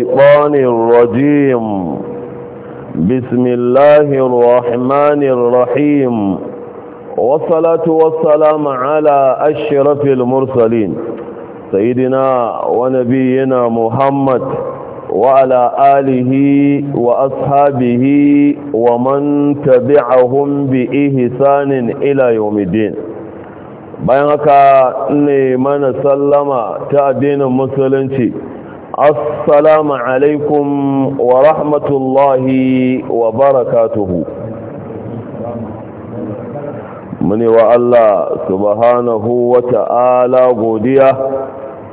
الشيطان الرجيم بسم الله الرحمن الرحيم والصلاة والسلام على أشرف المرسلين سيدنا ونبينا محمد وعلى آله وأصحابه ومن تبعهم بإحسان إلى يوم الدين bayan haka ne mana sallama ta addinin musulunci assalamu alaikum wa rahmatullahi wa barakatuhu mune wa Allah subhanahu wa ta'ala godiya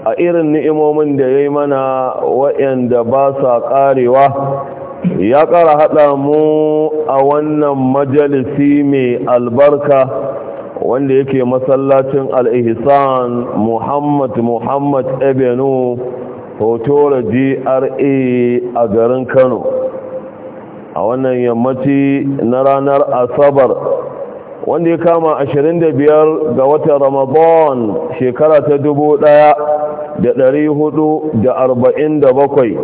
a irin ni'imomin da ya yi mana waɗanda ba sa ƙarewa ya ƙara haɗa mu a wannan majalisi mai albarka wanda yake masallacin al'ihisan muhammad muhammad ebenu da gra a garin kano a wannan yammaci na ranar asabar wanda ya kama 25 ga watan ramadan shekara ta 1447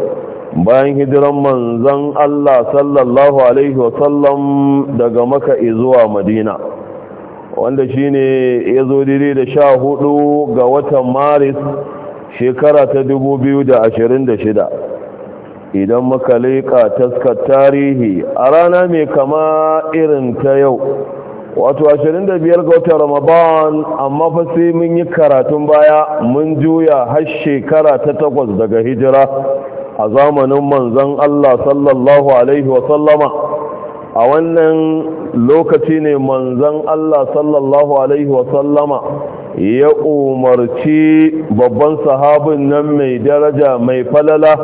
bayan hijiran manzan allah sallallahu alaihi wasallam daga maka zuwa madina wanda shine ya zo dire da 14 ga watan maris shekara ta 2026 idan muka leƙa taskar tarihi a rana mai kama irin ta yau wato 25 ga wata ramadan amma fa sai mun yi karatun baya mun juya har shekara ta takwas daga hijira a zamanin manzon Allah sallallahu alaihi wa sallama a wannan lokaci ne manzon Allah sallallahu alaihi wa sallama ya umarci babban sahabin nan mai daraja mai falala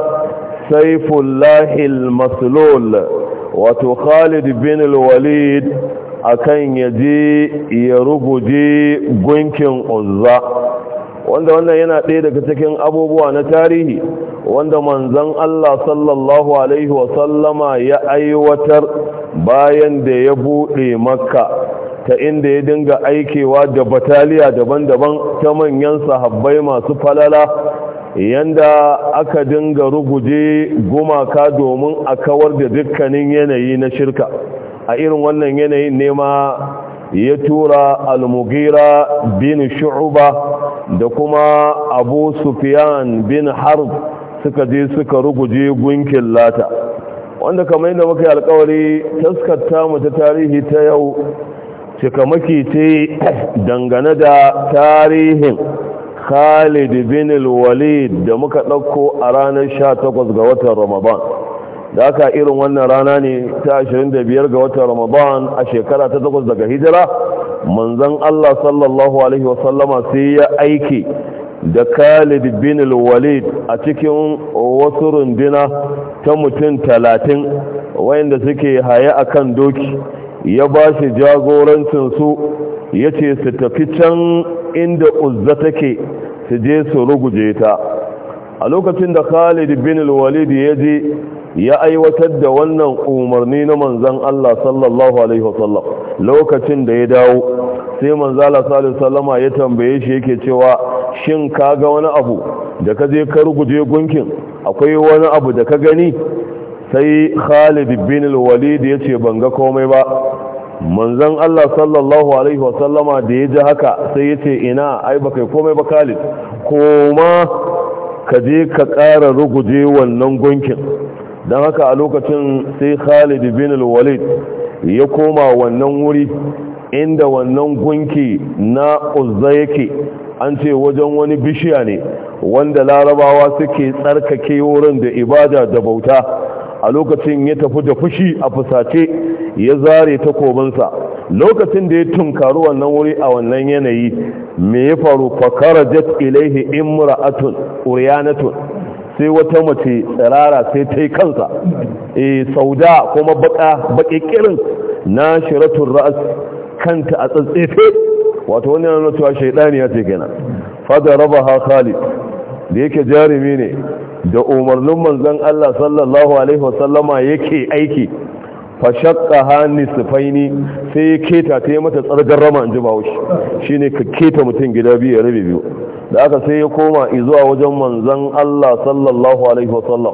saifullahil maslul wato khalid bin walid akan ya je ya ruguje gunkin uzza wanda wannan yana ɗaya daga cikin abubuwa na tarihi wanda manzan Allah sallallahu alaihi wasallama ya aiwatar bayan da ya buɗe makka ta inda ya dinga aikewa da bataliya daban-daban ta manyan sahabbai masu falala yanda aka dinga ruguje gumaka domin a kawar da dukkanin yanayi na shirka a irin wannan yanayin nema ya tura al bin shu'uba da kuma abu sufyan bin harb suka je suka ruguje gunkin lata wanda kamar yadda muka yi alkawari taskata mu ta tarihi ta yau cikamaki ce dangane da tarihin khalid bin walid da muka ɗauko a ranar 18 ga watan ramadan da aka irin wannan rana ne ta 25 ga watan ramadan a shekara ta 8 daga hijira manzon allah sallallahu alaihi wasallama sai ya aiki da khalid bin walid a cikin wasu runduna ta mutum talatin wayanda suke haya akan doki ya ba shi jagorancinsu ya ce su tafi can inda uzza take su je su ruguje ta a lokacin da khalid bin walid ya je ya aiwatar da wannan umarni na manzan Allah sallallahu alaihi wasallam lokacin da ya dawo sai manzan Allah sallallahu alaihi ya tambaye shi yake cewa shin ka ga wani abu da ka je ka ruguje gunkin akwai wani abu da ka gani sai khalid bin al-walid ya ce ban ga komai ba manzon Allah sallallahu alaihi wa sallama da ya ji haka sai ya ce ina ai ba kai komai ba khalid koma ka je ka ƙara ruguje wannan gunkin don haka a lokacin sai khalid bin walid ya koma wannan wuri inda wannan gunki na uzza yake an ce wajen wani bishiya ne wanda larabawa suke tsarkake wurin da ibada da bauta a lokacin ya tafi da fushi a fusace ya zare ta kobinsa lokacin da ya tunkaru wannan wuri a wannan yanayi me ya faru fakara jet ilaihi imra'atun uryanatun sai wata mace tsirara sai ta yi kansa e sauda kuma baka bakikirin na shiratun ra'as kanta a tsatsefe wato wani yana cewa shaidani ya ce kenan fada raba khalid da yake jarumi ne da umarnin manzon Allah sallallahu alaihi wasallama yake aiki fa shaqqa hani sifaini sai ya keta ta yi mata tsargar rama in ji shi shine ka keta mutum gida biyu ya rabe biyu da aka sai ya koma zuwa wajen manzon Allah sallallahu alaihi wasallam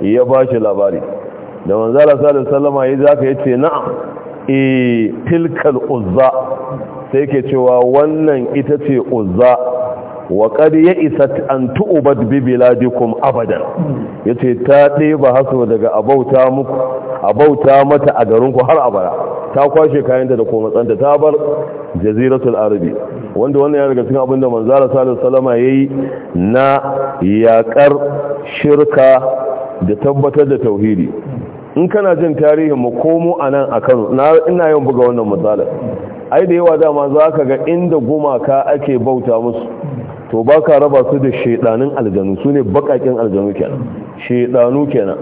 ya shi labari da manzon Allah sallallahu alaihi wasallama ya zaka yace na'am E, tilkal uzza sai ke cewa wannan ita ce uzza wa ya ya'isat an tu'bad bi biladikum abadan yace ta ɗeba haso daga abauta muku abauta mata a garinku har abada ta kwashe kayanta da kuma tsanta ta bar jaziratul arabi wanda wannan ya daga cikin abin da manzara sallallahu salama yayi na yaƙar shirka da tabbatar da tauhidi in kana jin tarihin mu komo anan akan na ina yin buga wannan misalin ai da yawa dama za ka ga inda gumaka ake bauta musu to ba ka raba su da shaidanin aljanu su ne bakakin aljanu kenan shaidanu kenan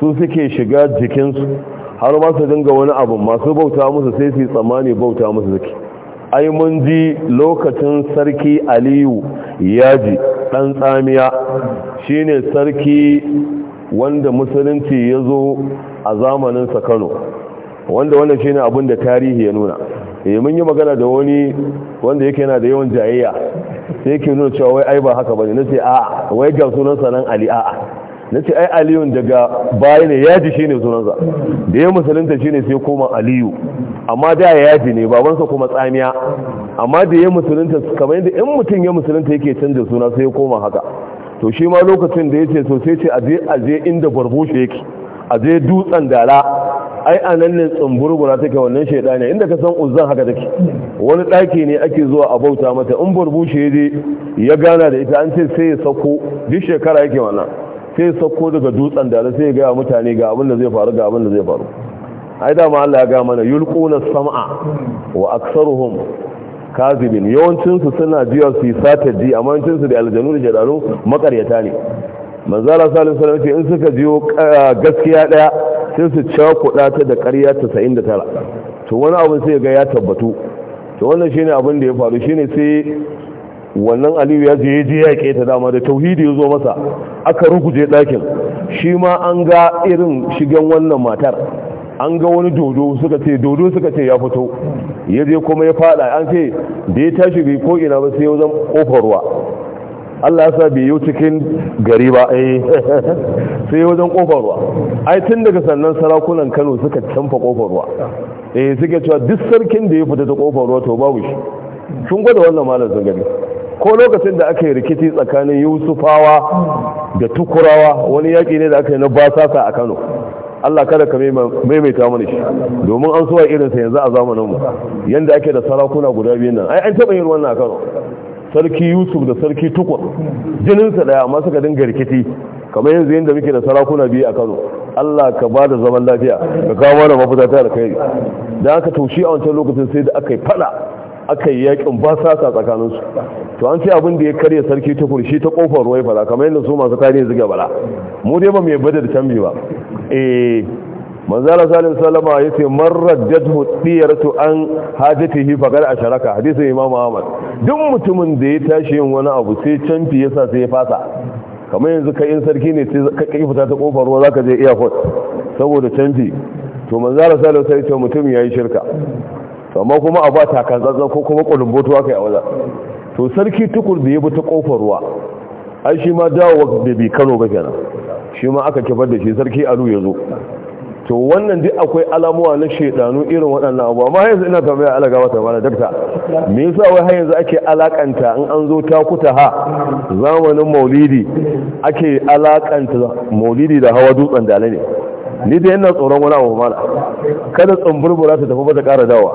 su suke shiga jikinsu har ba su dinga wani abu masu bauta musu sai su yi tsammani bauta musu suke ai mun ji lokacin sarki aliyu yaji dan tsamiya shine sarki wanda musulunci ya zo a zamaninsa kano wanda wannan shine abin da tarihi ya nuna eh mun yi magana da wani wanda yake yana da yawan jayayya sai yake nuna cewa wai ai ba haka bane nace a wai ga sunan sanan ali a nace ai Aliyu daga baya ne yaji shine sunansa da ya musulunta shine sai koma aliyu amma da yaji ne babansa kuma tsamiya amma da ya musulunta kamar yadda in mutum ya musulunta yake canza suna sai ya koma haka to shi ma lokacin da yace so sai ce aje aje inda barbushe yake aje dutsen dala ai a nan ne tsumburbura take wannan shaidani inda ka san uzan haka take wani ɗaki ne ake zuwa a bauta mata in burbushe ya ya gana da ita an ce sai ya sako duk shekara yake wannan sai ya sako daga dutsen da sai ya gaya mutane ga abin da zai faru ga abin da zai faru ai ma Allah ya ga mana yulquna sam'a wa aktsaruhum kazibin yawancinsu suna jiya su sata ji amma yawancinsu da aljanu da jadaru makaryata ne manzara sallallahu alaihi wasallam in suka jiyo eh, gaskiya daya sai su cakuɗa ta da ƙarya tara to wani abin sai ga ya tabbatu to wannan shine abin da ya faru shine sai wannan aliyu ya je je ya keta dama da tauhidi ya zo masa aka ruguje dakin shi ma an ga irin shigen wannan matar an ga wani dodo suka ce dodo suka ce ya fito ya je kuma ya fada an ce da ya tashi bai ko ina ba sai ya zan kofar ruwa Allah ya sa bai yi cikin gari ba eh sai wajen kofar ruwa ai tun daga sannan sarakunan Kano suka canfa kofar ruwa eh suke cewa duk sarkin da ya fita ta kofar ruwa to babu shi kun gwada wannan malam sun gani ko lokacin da aka yi rikici tsakanin Yusufawa da Tukurawa wani yaki ne da aka yi na basasa a Kano Allah kada ka maimaita mana shi domin an so a irinsa yanzu a zamaninmu yanda ake da sarakuna guda biyu nan ai an taɓa yin wannan a Kano sarki yusuf da sarki tukur jininsa daya amma suka dinga rikici kamar yanzu yadda muke da sarakuna biyu a kano allah ka ba da zaman lafiya ka kawo da mafita ta da kai da aka taushi a wancan lokacin sai da aka yi fada aka yi yakin ba tsakaninsu to an ce abin da ya karya sarki tukur shi ta kofar wai fara kamar yadda su masu tarihi zuga bala mu dai ba mu yabba da canbi ba eh manzala salim salama ya ce marar jadhu diyartu an yi faƙar a sharaka hadisun imam ahmad duk mutumin da ya tashi yin wani abu sai canfi ya sa sai ya fasa kamar yanzu kai in sarki ne sai ka kai fita ta kofar ruwa zaka je airport saboda canfi to manzala salim sai ce mutum ya yi shirka amma kuma a ba zazza ko kuma kulumbotuwa kai a wajen to sarki tukur da ya bi ta kofar ruwa ai shi ma dawo da bi Kano ba kenan shi ma aka kifar da shi sarki Alu ya zo to wannan duk akwai alamuwa na shaidanu irin waɗannan abuwa ma yanzu ina tambaya ala gaba ta mana dakta me yasa wai har yanzu ake alakanta in an zo takuta ha zamanin maulidi ake alakanta maulidi da hawa dutsen da ne ni da yana tsoron wani abu mala kada tsumburbura ta tafi ba ta ƙara dawa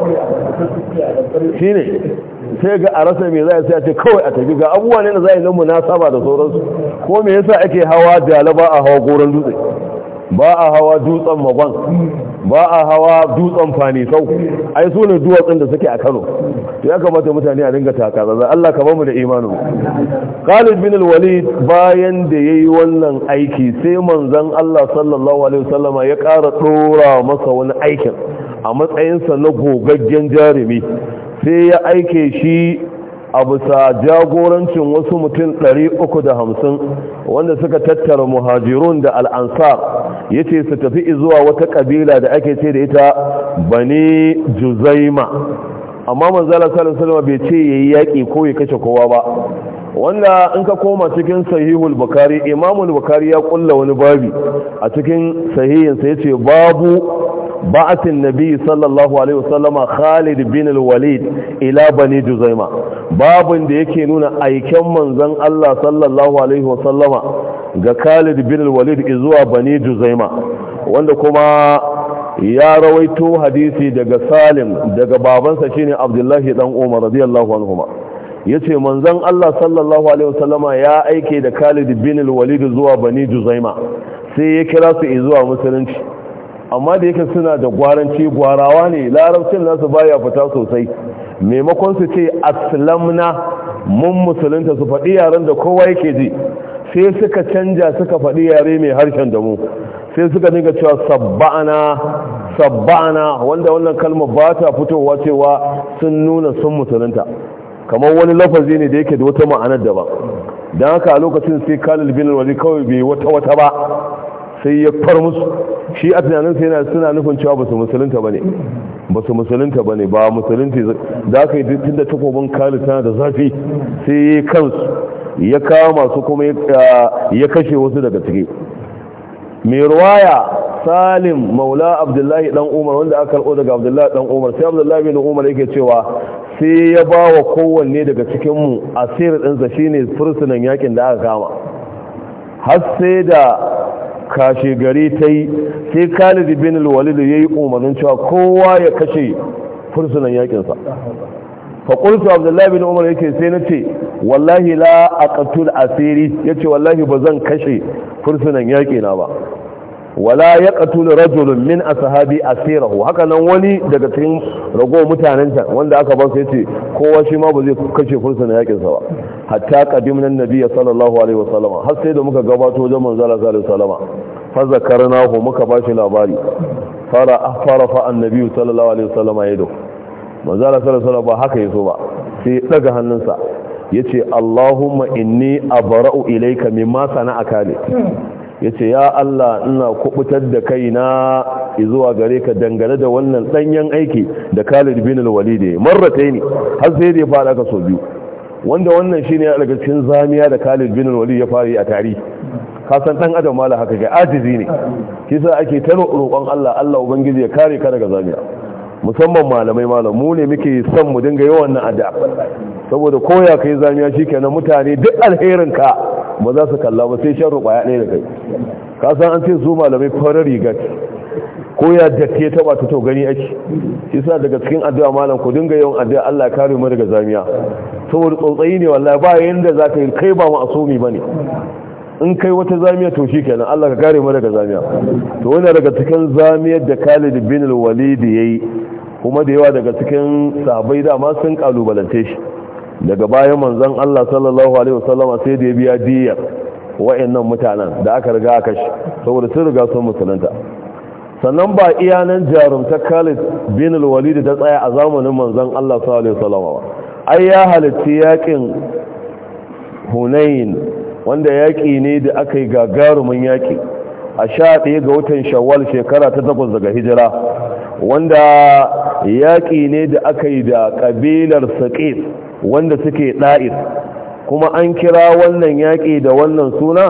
shine sai ga a rasa me za a sai a ce kawai a tafi ga abubuwa ne da za a yi na munasaba da sauransu ko me yasa ake hawa jalaba a hawa goron dutse ba a hawa dutsen magon ba a hawa dutsen fanisau ai su ne duwatsun da suke a kano ya kamata mutane a dinga taka zaza Allah ka bamu da imanu Khalid bin al-Walid bayan da yayi wannan aiki sai manzon Allah sallallahu alaihi wasallama ya ƙara dora masa wani aikin a matsayinsa na gogaggen jarumi sai ya aike shi a bisa jagorancin wasu mutum ɗari uku da hamsin wanda suka tattara muhajirun da al'ansar ya ce su tafi zuwa wata ƙabila da ake ce da ita bani juzaima amma manzala salama bai ce ya yi yaƙi ko ya kashe kowa ba wanda in ka koma cikin sahihul bukari imamul bukari ya kulla wani babi a cikin sahihinsa ya ce babu ba'at an-nabi sallallahu alaihi wasallama Khalid bin al-Walid ila bani Juzaima babun da yake nuna aikin manzon Allah sallallahu alaihi wasallama ga Khalid bin al-Walid zuwa bani Juzaima wanda kuma ya rawaito hadisi daga Salim daga babansa shine Abdullahi dan Umar radiyallahu anhuma yace manzon Allah sallallahu alaihi wasallama ya aike da Khalid bin al-Walid zuwa bani Juzaima sai ya kira su zuwa musulunci amma da yake suna da gwaranci gwarawa ne larabcin nasu baya fita sosai maimakon su ce aslamna mun musulunta su faɗi yaren da kowa yake ji sai suka canja suka faɗi yare mai harshen da mu sai suka dinga cewa sabba'ana sabba'ana wanda wannan kalmar ba ta fitowa cewa sun nuna sun musulunta kamar wani lafazi ne da yake da wata ma'anar daban don haka a lokacin sai kalil bin wani kawai bai wata wata ba sai ya far musu shi a tunanin sai yana suna nufin cewa ba su musulunta ne ba su musulunta ne ba musulunta za ka yi da takobin kalitana tana da zafi sai ya kansu ya kama su kuma ya kashe wasu daga ciki mai ruwaya salim maula abdullahi dan umar wanda aka karɓo daga abdullahi dan umar sai abdullahi bin umar yake cewa sai ya ba wa kowanne daga cikinmu asirin ɗinsa shine fursunan yakin da aka kama har sai da kashe gari ta yi sai khalid bin walid ya yi umarnin cewa kowa ya kashe fursunan yakinsa su abdullahi bin umar yake sai na ce wallahi la a ƙatul asiri ya ce wallahi ba zan kashe fursunan yaƙi na ba wala ya ƙatul rajulun min a sahabi asirahu haka nan wani daga cikin ragowar mutanen wanda aka ba su ya ce kowa shi ma ba zai kashe fursunan yaƙinsa ba hatta qadimna an sallallahu alaihi wasallam har sai da muka gabato wajen manzo Allah sallallahu alaihi wasallam fa zakarnahu muka bashi labari fara afara fa annabi sallallahu alaihi wasallam yado manzo Allah sallallahu alaihi wasallam ba haka yaso ba sai daga hannunsa yace Allahumma inni abra'u ilayka mimma sana'a kale yace ya Allah ina kubutar da kaina zuwa gare ka dangane da wannan danyen aiki da Khalid bin al-Walid marrataini har sai da ya fada ka so biyu wanda wannan shine ya daga cikin zamiya da Khalid bin Wali ya fara yi a tarihi kasan dan adam mala haka ga ajizi ne kisa ake ta roƙon Allah Allah ubangiji ya kare ka daga zamiya musamman malamai malam mu ne muke son mu dinga yawan nan ada saboda koya kai zamiya shikenan mutane duk alherin ka ba za su kalla ba sai shan ruɓaya ɗaya da kai kasan an ce su malamai farar rigar ko ya datti ya taba ta gani ake sa daga cikin addu'a malam ku dinga yawan addu'a Allah ya kare mu daga zamiya saboda tsotsayi ne wallahi ba yanda zaka yi kai ba mu ma'asumi bane in kai wata zamiya to shikenan Allah ka kare mu daga zamiya to wannan daga cikin zamiyar da Khalid bin al-Walid yayi kuma da yawa daga cikin sahabbai da ma sun kalubalance shi daga bayan manzon Allah sallallahu alaihi wasallam sai da ya biya diya wa'annan mutanen da aka riga aka shi saboda sun riga sun musulunta sannan ba iyanan jarumta Khalid bin al ta tsaya a zamanin manzon Allah sallallahu alaihi wasallam ai ya halitti yakin Hunain wanda yaki ne da aka yi gagarumin yaki a 11 ga watan Shawwal shekara ta 8 daga Hijira wanda yaki ne da akai da kabilar Saqif wanda suke Da'ir kuma an kira wannan yaki da wannan suna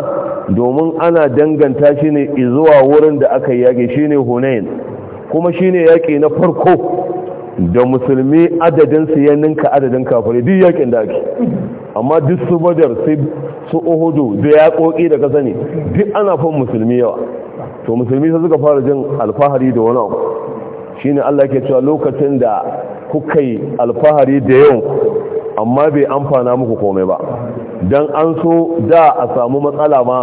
domin ana danganta shi ne zuwa wurin da aka yage shi ne hunain kuma shi ne yaƙi na farko da musulmi adadinsu ya ninka adadin kafare duk yaƙin da ake amma duk su badar su ohudu da yaƙoƙi da ƙasa ne duk ana fin musulmi yawa to musulmi sai suka fara jin alfahari da wani abu ne Allah ke cewa lokacin da kuka yi alfahari da yawan amma bai amfana muku komai ba don an so da a samu matsala ma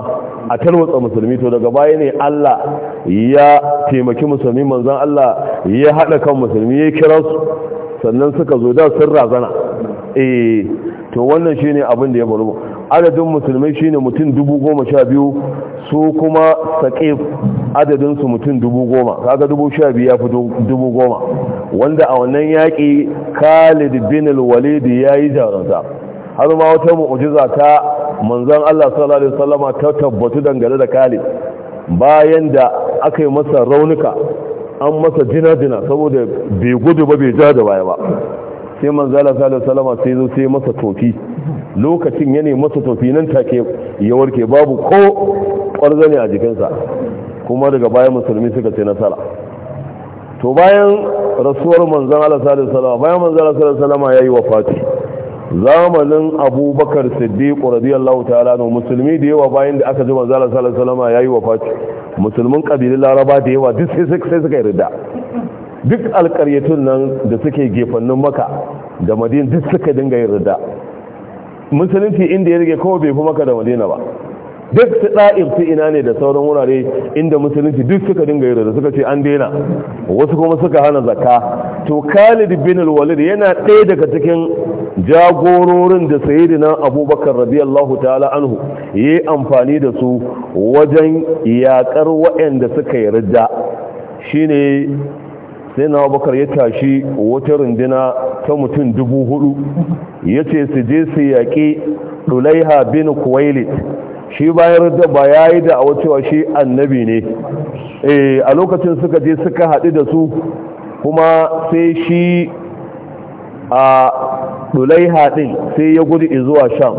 a tarwatsa musulmi to daga baya ne Allah ya taimaki musulmi manzan Allah ya haɗa kan musulmi ya kira su sannan suka zo da sun razana eh to wannan shine abin da ya faru adadin musulmai shine mutum dubu goma sha biyu su kuma sake adadinsu mutum dubu goma kaga dubu sha biyu ya fi dubu goma wanda a wannan yaƙi khalid bin walid ya yi jaranta har ma wata mu'ujiza ta manzon allah sallallahu alaihi wasallama ta tabbatu dangane da khalid bayan da aka yi masa raunuka an masa jina-jina saboda bai gudu ba bai ja da baya ba sai manzala sallallahu alaihi wasallam sai zo sai masa tofi lokacin ya ne masa tofi nan take ya warke babu ko kwarzane a jikinsa kuma daga bayan musulmi suka ce nasara to bayan rasuwar manzan Allah sallallahu alaihi wasallam bayan manzan Allah sallallahu alaihi wasallam yayi wafati zamanin abubakar siddiq radiyallahu ta'ala no musulmi da yawa bayan da aka ji manzon Allah sallallahu alaihi wasallam yayi wafati musulmin kabilun laraba da yawa duk sai suka yi rida duk alƙaryatun nan da suke gefannin maka da madina duk suka dinga yin rida musulunci inda ya rage kowa bai fi maka da madina ba duk su ɗa'ir su ina ne da sauran wurare inda musulunci duk suka dinga yi rida suka ce an daina wasu kuma suka hana zakka to khalid bin walid yana ɗaya daga cikin jagororin da sayyidina abubakar radiyallahu ta'ala anhu yi amfani da su wajen yaƙar waɗanda suka yi rida shine sai na bakar ya tashi wata rundina ta mutum dubu hudu ya ce su je su yaƙi ɗulaiha bin kuwailit shi bayar da ba ya yi da a cewa shi annabi ne eh, a lokacin suka je suka haɗu da su kuma sai shi a ɗulaiha ɗin sai ya gudu zuwa sham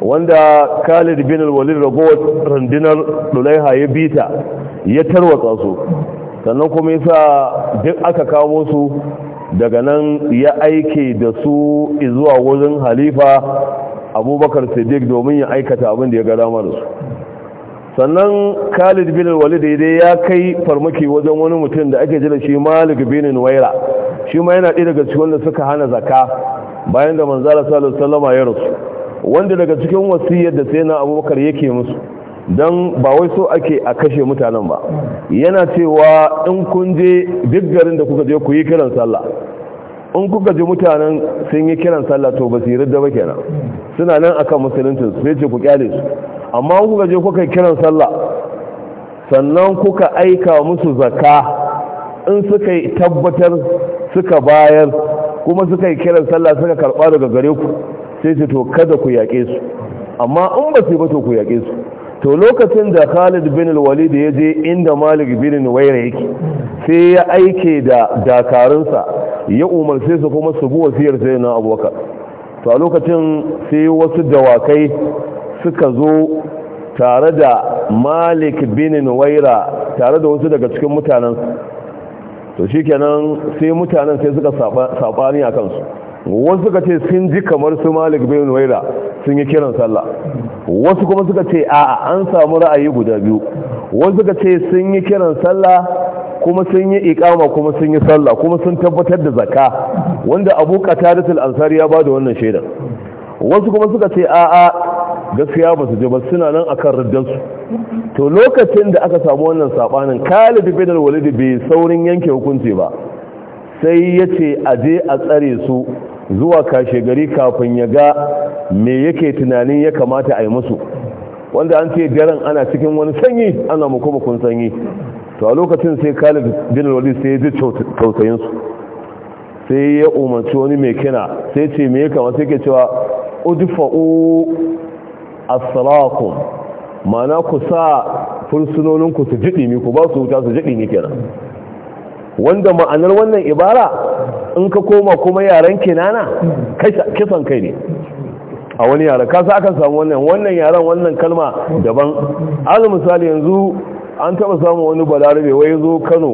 wanda khalid bin walid ragowar rundunar ɗulaiha ya bita ya tarwatsa su sannan kuma yasa duk aka kawo su daga nan ya aike da su zuwa wurin halifa abubakar siddiq domin ya aikata abin da ya ga damar su sannan khalid bin walid daidai ya kai farmaki wajen wani mutum da ake jira shi malik bin nuwaira shi ma yana ɗaya daga cikin wanda suka hana zakka bayan da manzala sallallahu alaihi wasallama ya rasu wanda daga cikin wasiyar da sai na abubakar yake musu don ba wai so ake a kashe mutanen ba yana cewa in kun je duk garin da kuka je ku yi kiran sallah in kuka je mutanen sun yi kiran sallah to ba su yarda ba kenan suna nan akan musulunci su ce ku kyale su amma in kuka je kuka kiran sallah sannan kuka aika musu zakka in suka yi tabbatar suka bayar kuma suka yi kiran sallah suka karba daga gare ku sai ce to kada ku yaƙe su amma in ba su yi ba to ku yaƙe su to lokacin da Khalid bin walid ya je inda Malik bin Nuwayra yake sai ya aike da dakarunsa ya umarce su kuma su bi wasiyar na Abubakar to a lokacin sai wasu dawakai suka zo tare da Malik bin Nuwayra tare da wasu daga cikin mutanen to shikenan sai mutanen sai suka saɓani a kansu. wasu suka ce sun ji kamar su malik bin waira sun yi kiran sallah wasu kuma suka ce a'a an samu ra'ayi guda biyu wasu suka ce sun yi kiran sallah kuma sun yi ikama kuma sun yi sallah kuma sun tabbatar da zakka wanda abu qatadatul ansari ya bada wannan shaida wasu kuma suka ce a'a gaskiya ba su je ba suna nan akan su, to lokacin da aka samu wannan sabanin Khalid bin Walid bai saurin yanke hukunci ba sai yace je a tsare su zuwa kashe gari kafin ya ga me yake tunanin ya kamata a yi musu wanda an ce daren ana cikin wani sanyi ana kun sanyi to a lokacin sai kalib bin walid sai ya ji tausayinsu sai ya umarci wani mai kina sai ce me ya wasu yake ke cewa udfa'u asrakum mana ku sa fursunoninku su jiɗi ku ba su wuta su jiɗi kenan wanda ma'anar wannan ibara in ka koma kuma yaren kinana kisan kai ne a wani yaren kasa akan samu wannan wannan yaren wannan kalma daban ala misali yanzu an taba samun wani balarabe wai zo kano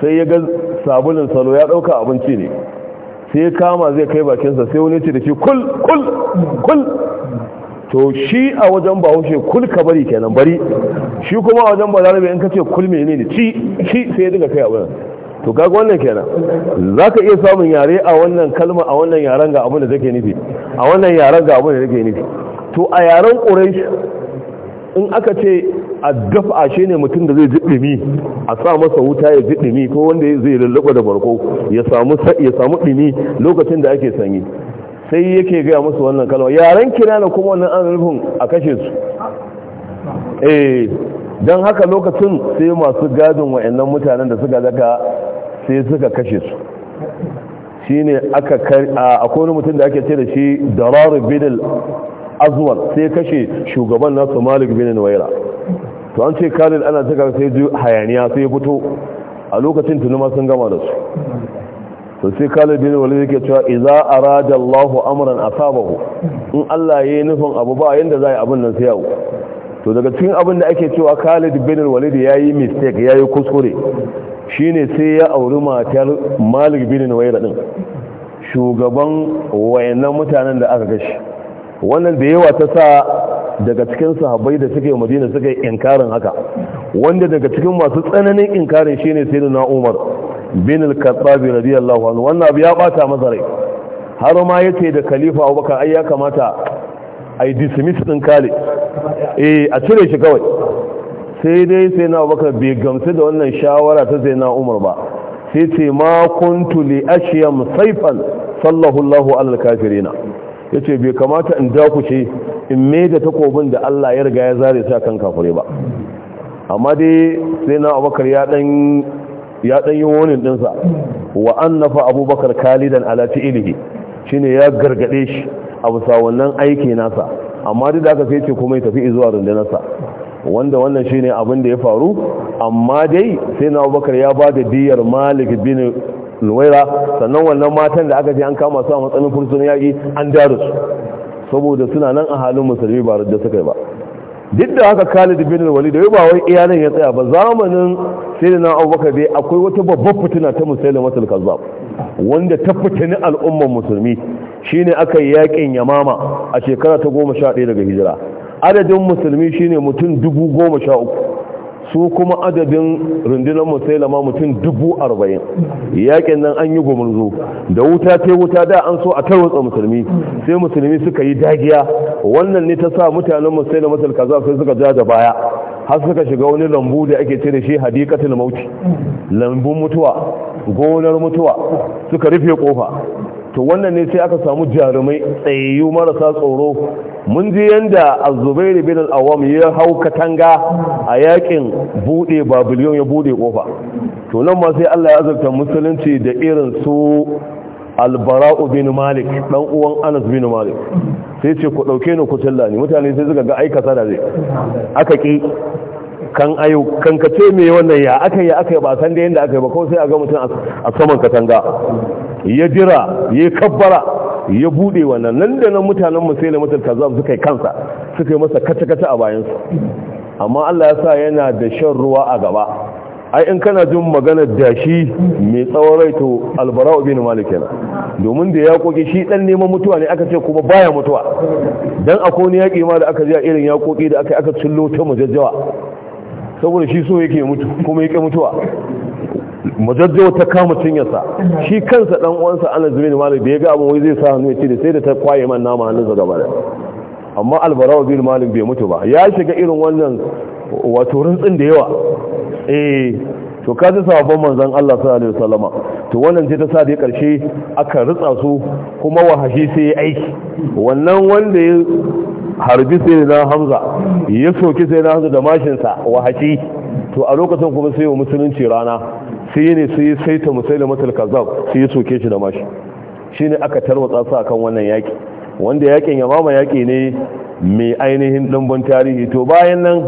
sai ya ga sabulin salo ya dauka abinci ne sai ya kama zai kai bakinsa sai wani ce da shi kul kul kul to shi a wajen bahaushe kul ka bari kenan bari shi kuma a wajen balarabe in ka ce kul menene ci ci sai ya dinga kai abin to kaga wannan kenan za ka iya samun yare a wannan kalma a wannan yaren ga abin da zake nufi a wannan yaren ga abin da zake nufi to a yaren quraish in aka ce a shi ne mutum da zai jiddimi a sa masa wuta ya jiddimi ko wanda zai lullaba da barko ya samu ya samu dimi lokacin da ake sanyi sai yake gaya musu wannan kalma yaren kirana kuma wannan an rufin a kashe su eh don haka lokacin sai masu gadin wa'annan mutanen da suka zaka sai suka kashe su shine aka akwai mutum da ake ce da shi Dararu binin azwal sai kashe shugaban nasu malik bin waira to an ce kalil ana zaka sai ji hayaniya sai ya fito a lokacin tunuma sun gama da su to sai kalil binin waira yake cewa idza arada Allah amran asabahu in Allah ya yi nufin abu ba yadda za a yi abin nan sai yau to daga cikin abin da ake cewa Khalid bin Walid yayi mistake yayi kuskure shine sai ya auri matar malik bin nuwaira din shugaban wayannan mutanen da aka gashi. wannan da yawa ta sa daga cikin sahabbai da suke madina suka yi inkarin haka wanda daga cikin masu tsananin inkarin shine na umar bin al-khattab radiyallahu anhu wannan abu ya bata masa rai har ma yace da khalifa abubakar ai ya kamata ai dismiss din kale eh a cire shi kawai sai dai sai na abubakar bai gamsu da wannan shawara ta sai na umar ba sai ce ma kuntu li ashiya saifan sallahu allahu alal kafirina ya ce bai kamata in dakushe in mai da takobin da allah ya riga ya zare sa kan kafure ba amma dai sai na abubakar ya dan yi wani dinsa wa abubakar kalidan ala shi shine ya gargade shi abu bisa wannan aiki nasa amma duk da aka sai ce kuma ya tafi zuwa rundunarsa wanda wannan shine abin da ya faru amma dai sai na abubakar ya ba da diyar malik bin luwaira sannan wannan matan da aka ce an kama su a matsayin furtun yaƙi an jaru saboda suna nan a halin musulmi ba da suka yi ba duk da haka khalid bin walid da ba wai iyalan ya tsaya ba zamanin sai na abubakar dai akwai wata babbar fitina ta musailamatul kazzab wanda ta fitini al'ummar musulmi shine aka yi yakin yamama a shekara ta goma sha ɗaya daga hijira adadin musulmi shine mutum dubu goma sha uku su kuma adadin rundunar musulama mutum dubu arba'in yakin nan an yi gumurzu da wuta ta wuta da an so a tarwatsa musulmi sai musulmi suka yi dagiya wannan ne ta sa mutanen musulama kaza su suka ja da baya har suka shiga wani lambu da ake cire da shi hadikatul mauti lambun mutuwa gonar mutuwa suka rufe kofa to wannan ne sai aka samu jarumai tsayayyu marasa tsoro mun ji yadda azubairu bin al'awam ya hau katanga a yakin bude babiliyon ya bude kofa to nan ma sai Allah ya zarta musulunci da irin su albara'u bin malik dan uwan anas bin malik sai ce ku dauke ni ku tilla ni mutane sai suka ga aika sada zai aka ki kan ayo kan kace me wannan ya aka yi aka ba san da yanda aka yi ba ko sai a ga mutum a saman katanga ya jira ya kabbara ya bude wannan nan da nan mutanen da mutan kaza suka yi kansa suka yi masa kace-kace a bayan su amma Allah ya sa yana da shan ruwa a gaba ai in kana jin maganar shi mai tsawon rai to albara'u bin malik yana domin da ya koki shi dan neman mutuwa ne aka ce kuma baya mutuwa dan akwai ni yaki ma da aka ji a irin yakoki da aka aka cillo ta mujajjawa saboda shi so yake mutu kuma yake mutuwa majajjo ta kama cinyarsa mhm. shi kansa dan uwansa ana zubi da malik da ya ga abin wai zai sa hannu ya ce da sai da ta kwaye man nama hannunsa gaba da amma albarawa bin malik bai mutu ba ya shiga irin wannan wato rintsin da yawa eh to ka ji sabon manzon Allah sallallahu alaihi wasallama to wannan ce ta sa da karshe aka ritsa su kuma wahashi sai ya aiki wannan wanda ya harbi sai na Hamza ya soki sai na Hamza da mashinsa wahashi to a lokacin kuma sai musulunci rana sai ne sai sai ta musailama talkazab sai ya soke shi da mashi shine aka tarwatsa su akan wannan yaki wanda yakin yamama yaki ne mai ainihin ɗanban tarihi to bayan nan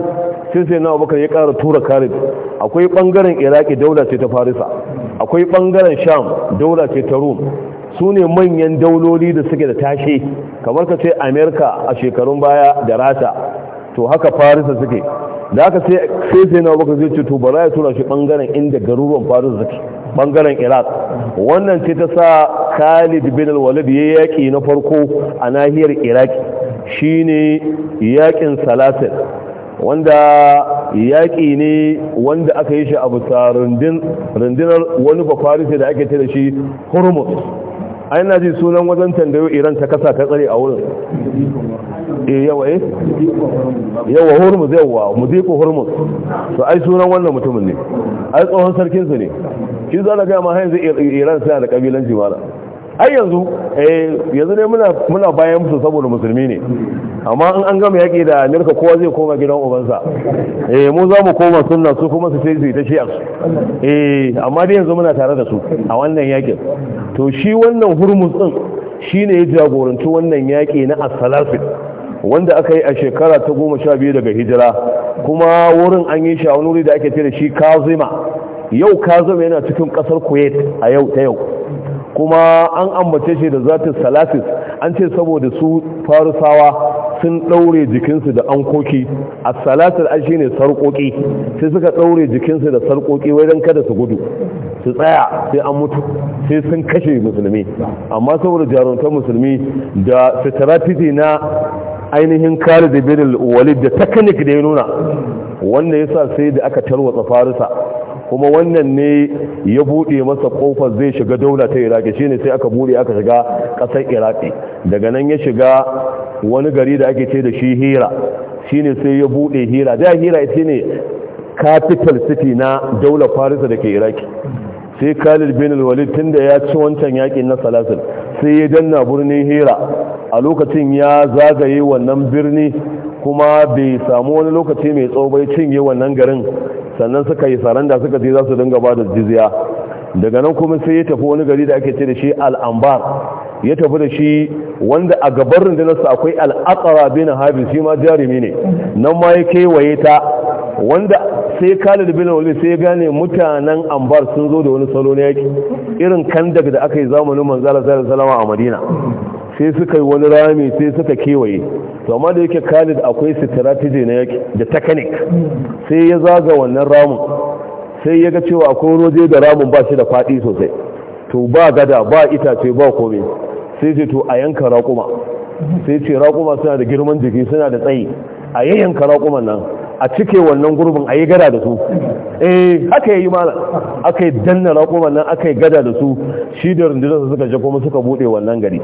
sai sai na abubakar ya ƙara tura karib akwai ɓangaren iraki daula ce ta farisa akwai ɓangaren sham daula ce ta rum su ne manyan dauloli da suke da tashe kamar ka ce amerika a shekarun baya da rasha to haka farisa suke da aka sai sai na baka zai ce to bara ya tura shi bangaren inda garuruwan faru zaki bangaren iraq wannan ce ta sa khalid bin walid ya yaki na farko a nahiyar iraq shine yakin salatin wanda yaki ne wanda aka yi shi a bisa rundunar wani bafarisi da ake da shi hormuz aina ji sunan wajen tandayo iran ta kasa ta tsare a wurin Eh, yawa eh yawa hormuz yawa muziko hormuz to ai sunan wannan mutumin ne ai tsohon sarkinsu ne shi zana gaya ma yanzu iran sai da kabilan jimala ai yanzu eh yanzu ne muna bayan musu saboda musulmi ne amma in an gama yaƙi da amerika kowa zai koma gidan ubansa eh mu za mu koma sunna su kuma su sai su ta shi'a eh amma dai yanzu muna tare da su a wannan yaƙin to shi wannan hurmus din shine ya jagoranci wannan yaƙi na asalasin wanda aka yi a shekara ta goma sha biyu daga hijira kuma wurin an yi shi da ake ce da shi kazima yau kazima yana cikin kasar kuwait a yau ta yau kuma an ambace shi da zatin salatis an ce saboda su farisawa sun ɗaure jikinsu da ankoki a salatis an shi ne sarƙoƙi sai suka ɗaure jikinsu da sarƙoƙi wai don kada su gudu su tsaya sai an mutu sai sun kashe musulmi amma saboda jarumtar musulmi da strategy na ainihin kare da bin walid da teknik da ya nuna wanda ya sa sai da aka tarwatsa farisa kuma wannan ne ya buɗe masa kofar zai shiga daula ta iraki shine sai aka buɗe aka shiga ƙasar iraki daga nan ya shiga wani gari da ake ce da shi hira shine sai ya buɗe hira da hira ita ne capital city na daula farisa da ke iraki sai khalid bin walid tunda ya ci wancan yakin na Salasin, sai ya danna birnin hira a lokacin ya zagaye wannan birni kuma bai samu wani lokaci mai tsobai cinye wannan garin sannan suka yi saranda suka je za su dinga ba da jizya daga nan kuma sai ya tafi wani gari da ake ce da shi al'ambar ya tafi da shi wanda a gabar rundunarsa akwai al'akara bin habib shi ma jarumi ne nan ma ya kewaye ta wanda sai khalid bin walid sai gane mutanen ambar sun zo da wani salo na yaki irin kandag da aka yi zamanin manzala sallallahu alaihi a madina sai suka yi wani rami sai suka kewaye to amma da yake khalid akwai strategy na yake da technique sai ya zaga wannan ramin sai ya ga cewa akwai roje da ramin ba shi da faɗi sosai to ba gada ba itace ba komai sai ce to a yanka raƙuma sai ce raƙuma suna da girman jiki suna da tsayi a yayyanka raƙuman nan a cike wannan gurbin a yi gada da su eh aka yi mana aka yi danna raƙuman nan aka yi gada da su shi da rundunar suka je kuma suka buɗe wannan gari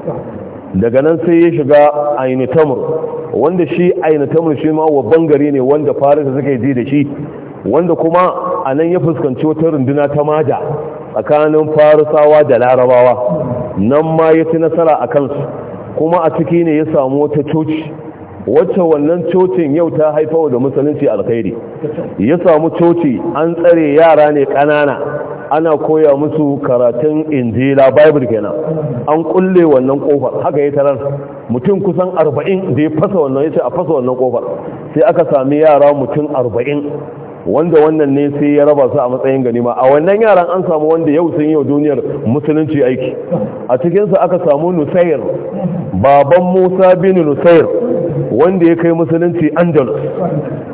daga nan sai ya shiga ainitamur wanda shi ainitamur shi ma wa bangare ne wanda farisa suka yi da shi wanda kuma a nan ya fuskanci wata runduna ta maja tsakanin farisawa da larabawa nan ma ya ci nasara a kansu kuma a ciki ne ya samu wata coci wacce wannan cocin yau ta haifawa da musulunci alkhairi ya samu coci an tsare yara ne ƙanana ana koya musu karatun injila bible kenan an kulle wannan kofar haka ya tarar mutum kusan 40 da ya fasa wannan yace a fasa wannan kofar sai aka sami yara mutum 40 wanda wannan ne sai ya raba su a matsayin ganima a wannan yaran an samu wanda yau sun yi wa duniyar musulunci aiki a cikinsu aka samu nusayir baban musa bin nusayir wanda ya kai musulunci Angelus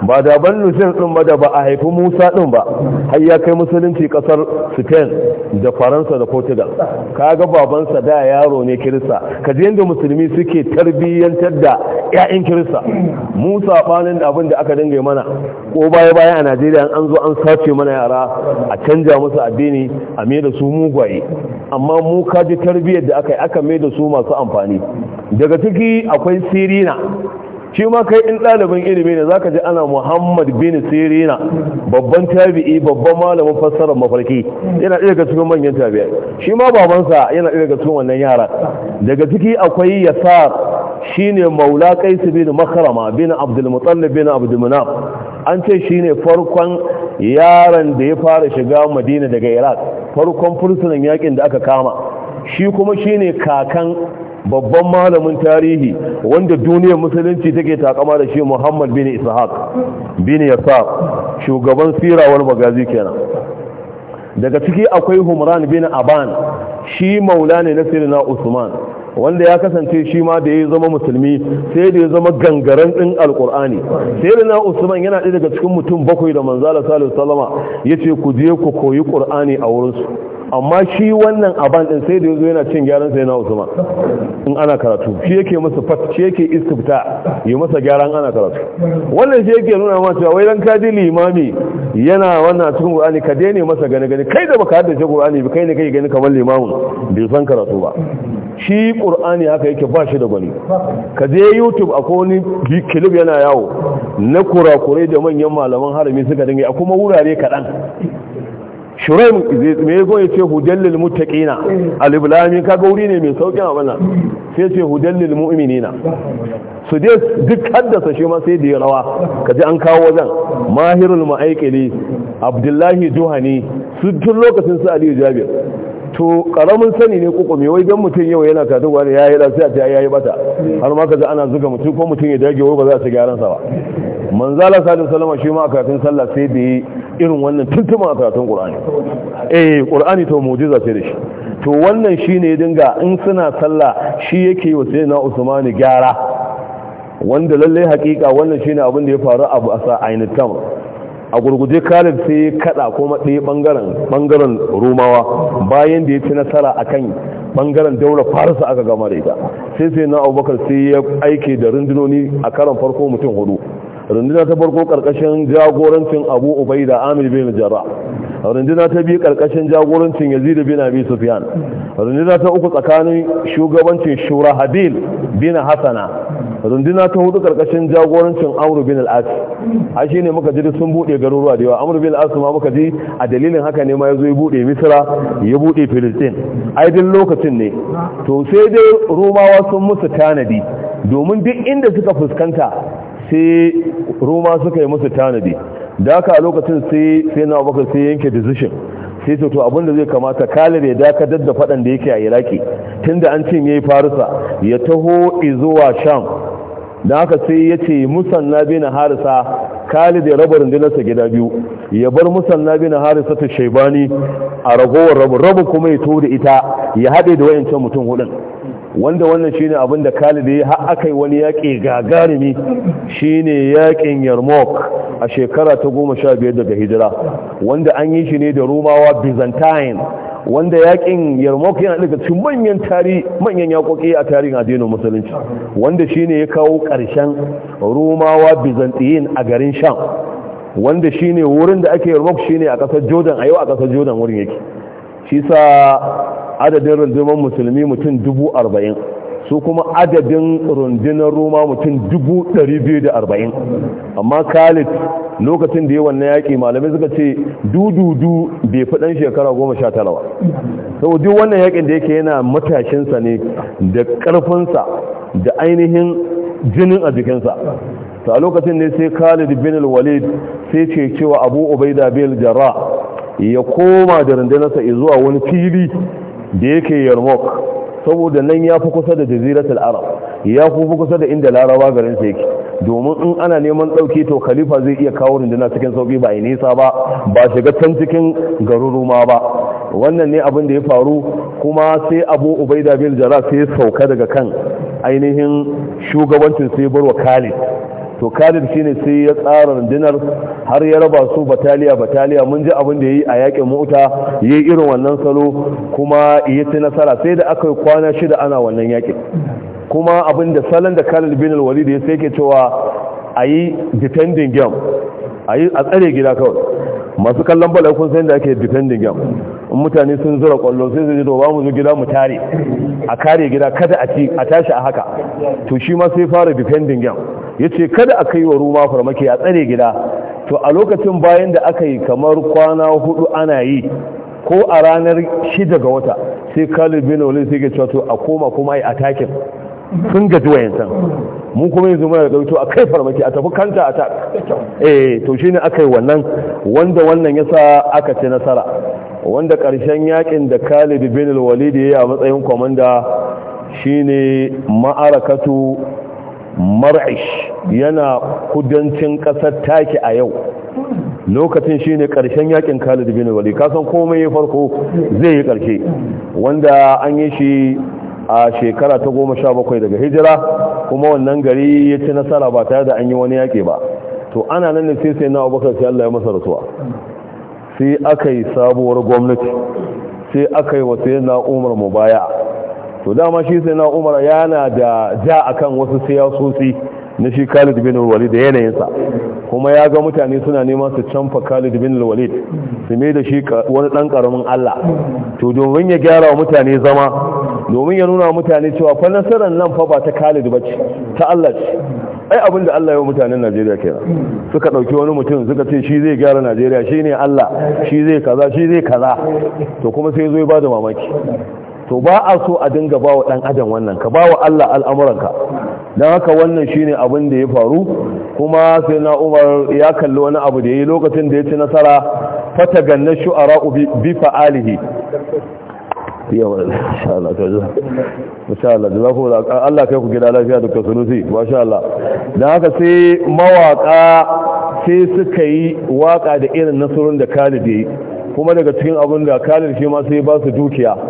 ba da ban lucin din ba da ba a haifi musa din ba har ya kai musulunci kasar spain da faransa da portugal Ka ga babansa da yaro ne kirista kaji yadda musulmi suke tarbiyyantar da 'ya'yan kirista musa banin da abin da aka dinga mana ko baya baya a najeriya an zo an sace mana yara a canja musu addini a mai da su mugwaye amma mu ji tarbiyyar da aka yi aka mai da su masu amfani daga ciki akwai sirina shi ma kai in ɗalibin ilimi ne zaka ji ana muhammad bin sirina babban tabi'i babban malamin fassarar mafarki yana ɗaya ga cikin manyan tabi'a shi ma babansa yana ɗaya ga cikin wannan yara daga ciki akwai yasar shine maula qais bin makrama bin abdul muttalib bin abdul an ce shine farkon yaron da ya fara shiga madina daga iraq farkon fursunan yakin da aka kama shi kuma shine kakan babban malamin tarihi wanda duniyar musulunci take takama da shi muhammad bin ishaq bin yasar shugaban sirawar magazi kenan daga ciki akwai humran bin aban shi maula ne na sirina usman wanda ya kasance shi ma da ya zama musulmi sai da ya zama gangaren ɗin alkur'ani sai da na usman yana ɗaya daga cikin mutum bakwai da manzala salihu ya ce ku je ku koyi ƙur'ani a wurinsu amma shi wannan aban din sai da yanzu yana cin gyaran sai na Usman in ana karatu shi yake masa fat shi yake istifta yi masa gyaran ana karatu wannan shi yake nuna masa cewa wai dan kaji limami yana wannan cikin Qur'ani ka daina masa gani gani kai da baka shi Qur'ani ba kai ne kai gani kamar limamin bai san karatu ba shi ƙur'ani haka yake ba shi da gwani ka je youtube akwai wani kilib yana yawo na kurakurai da manyan malaman harami suka dinga a kuma wurare kaɗan shuraim me yazo ya ce hudallil muttaqina alif lam kaga wuri ne mai saukin a wannan sai ce hudallil mu'minina su dai duk haddasa shi ma sai da rawa Ka ji an kawo wajen mahirul ma'aikili abdullahi juhani su tun lokacin su aliyu jabir to karamin sani ne kuku mai wai don mutum yau yana katuwa ya yi lafiya ta yayi bata har ma ji ana zuga mutum ko mutum ya dage wai ba za ci gyaran sa ba manzala sadu salama shi ma kafin sallah sai da yi irin wannan tuntuma a karatun qur'ani eh qur'ani to mu'jiza ce da shi to wannan shi ya dinga in suna sallah shi yake yi na sayyidina gyara wanda lallai hakika wannan ne abin da ya faru a asa ainihin a gurguje khalid sai kada kuma ɗaya bangaren bangaren romawa bayan da ya ci nasara a kan bangaren daular farisa aka gama da ita sai sai na abubakar sai ya aike da rundunoni a karan farko mutum hudu runduna ta farko karkashin jagorancin abu da amir bin jara runduna ta biyu karkashin jagorancin yazid bin abi sufyan runduna ta uku tsakanin shugabancin shurahabil bin hasana runduna ta hudu karkashin jagorancin amr bin al-as a ne muka ji sun bude garuruwa da yawa amr bin al-as ma muka ji a dalilin haka ne ma ya zo ya bude misra ya bude filistin ai din lokacin ne to sai dai romawa sun musu tanadi domin duk inda suka fuskanta sai roma suka yi musu tanadi da aka a lokacin sai sai na abubakar sai yanke decision sai to da zai kamata kalir ya dakatar da fadan da yake a iraki tun da an cin yayi farisa ya taho izuwa sham da haka sai ya ce bi na harisa kalid ya raba rundunarsa gida biyu ya bar musan na bi na harisa ta shaibani a ragowar rabu rabu kuma ya da ita ya haɗe da wayancan mutum hudun wanda wannan shine abin da Khalid ya har akai wani yaƙi gagarumi shine yaƙin Yarmouk a shekara ta 15 daga hijira wanda an yi shi ne da Romawa Byzantine wanda yaƙin Yarmouk yana daga cikin manyan tarihi manyan yaƙoƙi a tarihin addinin musulunci wanda shine ya kawo ƙarshen Romawa Byzantine a garin Sham wanda shine wurin da ake Yarmouk shine a ƙasar Jordan a yau a ƙasar Jordan wurin yake shi sa adadin rundunar musulmi mutum dubu arba'in su kuma adadin rundunar roma mutum dubu ɗari biyu da arba'in amma khalid lokacin da yi wannan yaƙi malamai suka ce dududu bai fi ɗan shekara goma sha tara ba sau duk wannan yaƙin da yake yana matashinsa ne da ƙarfinsa da ainihin jinin a jikinsa ta lokacin ne sai khalid bin walid sai ce cewa abu ubaida bil jara ya koma da rundunarsa zuwa wani fili da yake yarmouk saboda nan ya fi kusa da jaziratul arab ya fi kusa da inda laraba garin sa yake domin in ana neman ɗauki to khalifa zai iya kawo runduna cikin sauƙi ba nisa ba ba shiga can cikin garuruma ba wannan ne abin da ya faru kuma sai abu ubaida bin jara sai sauka daga kan ainihin shugabancin sai barwa khalid to kadir shine sai ya tsara rundunar har ya raba su bataliya bataliya mun ji abin da yayi a yakin mota yayi irin wannan salo kuma ya ci nasara sai da aka kwana shida ana wannan yakin kuma abin da salon da Khalid bin al-Walid ya sai ke cewa ayi defending game ayi a tsare gida kawai masu kallon bala kun san da ake defending game in mutane sun zura kwallo sai su ji to ba mu zo gida mu tare a kare gida kada a ci a tashi a haka to shi ma sai fara defending game ya ce kada a kai wa ruma farmaki a tsare gida to a lokacin bayan da aka yi kamar kwana hudu ana yi ko a ranar shida ga wata sai kalib bin walid sai ga cewa to a koma kuma yi attacking sun gaji san mu kuma yanzu muna da to a kai farmaki a tafi kanta a ta eh to shine aka yi wannan wanda wannan yasa aka ci nasara wanda karshen yakin da Khalid bin Walid yi a matsayin komanda shine ma'arakatu mar'ish yana kudancin kasar taki a yau lokacin shi ne karshen yakin Khalid bin Walid kasan komai ya farko zai yi karshe wanda an yi shi a shekara ta goma sha bakwai daga hijira kuma wannan gari ya ci nasara ba tare da an yi wani yaƙi ba to ana nan ne sai sai na abubakar sai Allah ya masa rasuwa sai aka yi sabuwar gwamnati sai aka yi wasu yana umar mu baya to dama shi sai na umar yana da ja akan wasu siyasosi na shi khalid bin walid da yanayinsa kuma ya ga mutane suna neman su canfa khalid bin walid su mai da shi wani dan karamin allah to domin ya gyara wa mutane zama domin ya nuna mutane cewa fa nasarar nan fa ba ta khalid ba ce ta allah ce ai abin da allah ya mutanen najeriya kenan suka dauki wani mutum suka ce shi zai gyara najeriya shi ne allah shi zai kaza shi zai kaza to kuma sai zo ya ba da mamaki to ba a so a dinga ba wa ɗan adam wannan ka ba wa Allah al'amuranka don haka wannan shine abin da ya faru kuma sai na umar ya kalli wani abu da ya yi lokacin da ya ci nasara fata ganna shu'ara bi fa'alihi yawa insha Allah insha Allah Allah kai ku gida lafiya dukkan sunusi masha Allah don haka sai mawaka sai suka yi waka da irin nasurun da Khalid yi kuma daga cikin abin da Khalid shi ma sai ba su dukiya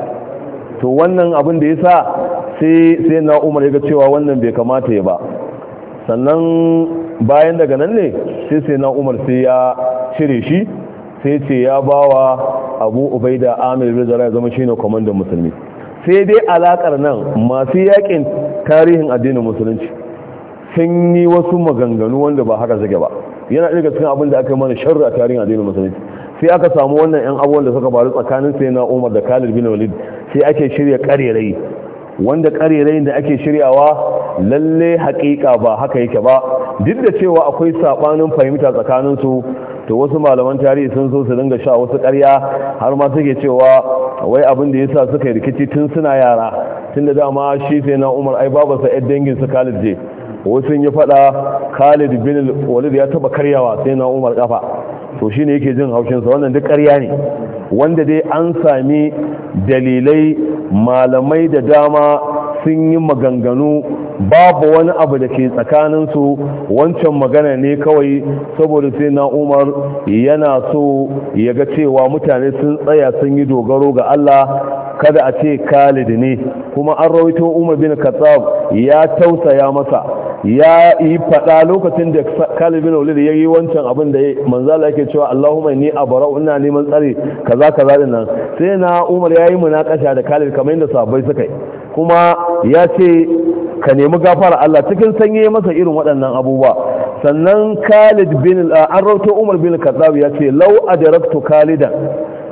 to wannan abin da ya sa sai na umar ya ga cewa wannan bai kamata ya ba sannan bayan daga nan ne sai sai na umar sai ya cire shi sai ce ya ba wa abu ubaida amir rizara ya zama shi ne kwamandan musulmi sai dai alakar nan masu yakin tarihin addinin musulunci sun yi wasu maganganu wanda ba haka zage ba yana daga cikin abin da aka yi mana sharri a tarihin addinin musulunci sai aka samu wannan yan abubuwan da suka faru tsakanin sai na umar da khalid bin walid sai ake shirya karerai wanda karerai da ake shiryawa lalle hakika ba haka yake ba duk da cewa akwai sabanin fahimta tsakanin su to wasu malaman tarihi sun zo su dinga sha wasu ƙarya har ma suke cewa wai abin da yasa suka yi rikici tun suna yara tun da dama shi sai na umar ai babu sa yan dangin su Khalid je wasu yi faɗa Khalid bin Walid ya taba karyawa sai na umar kafa to shi ne yake jin haushinsa wannan duk ƙarya ne wanda dai an sami dalilai malamai da dama sun yi maganganu babu wani abu da ke tsakaninsu wancan magana ne kawai saboda sai na umar yana so ya ga cewa mutane sun tsaya sun yi dogaro ga allah kada a ce khalid ne kuma an rawaito umar bin katsab ya tausaya masa ya yi faɗa lokacin da kalibin olid ya yi wancan abin da ya manzala yake cewa allahumma ni a bara, ina neman tsare kaza kaza din nan sai na umar ya yi munakasha da kalib kamar yadda sabai suka yi kuma ya ce ka nemi gafara allah cikin sanye masa irin waɗannan abubuwa sannan khalid bin ah, an rauto umar bin katsab ya ce lau adaraktu khalidan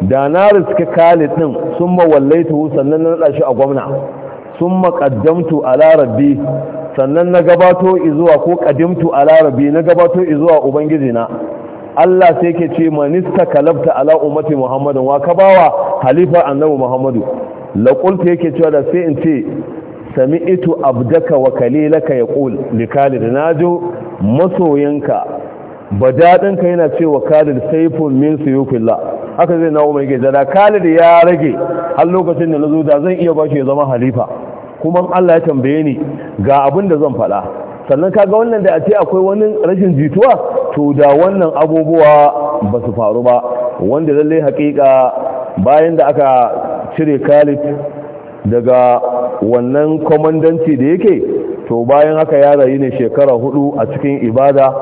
da na riske khalid din sun mawallaitu sannan na nada shi a gwamna sun maƙaddamtu ala rabbi sannan na gabato izuwa ko kadimtu ala rabi na gabato izuwa ubangiji na Allah sai ke ce manista kalabta ala ummati muhammadin wa ka bawa halifar annabi muhammadu laqulta yake cewa da sai in ce sami'tu abdaka wa kalilaka yaqul li kalid najo masoyinka ka yana cewa kalid sayfun min kula. haka zai nawo mai gida da kalid ya rage har lokacin da na zo da zan iya bashi ya zama halifa kuma Allah ya tambaye ni ga abin da zan faɗa sannan kaga wannan da a ce akwai wani rashin jituwa to da wannan abubuwa ba su faru ba wanda lallai haƙiƙa bayan da aka cire khalid daga wannan kwamandanci da yake to bayan haka ya rayu ne shekara hudu a cikin ibada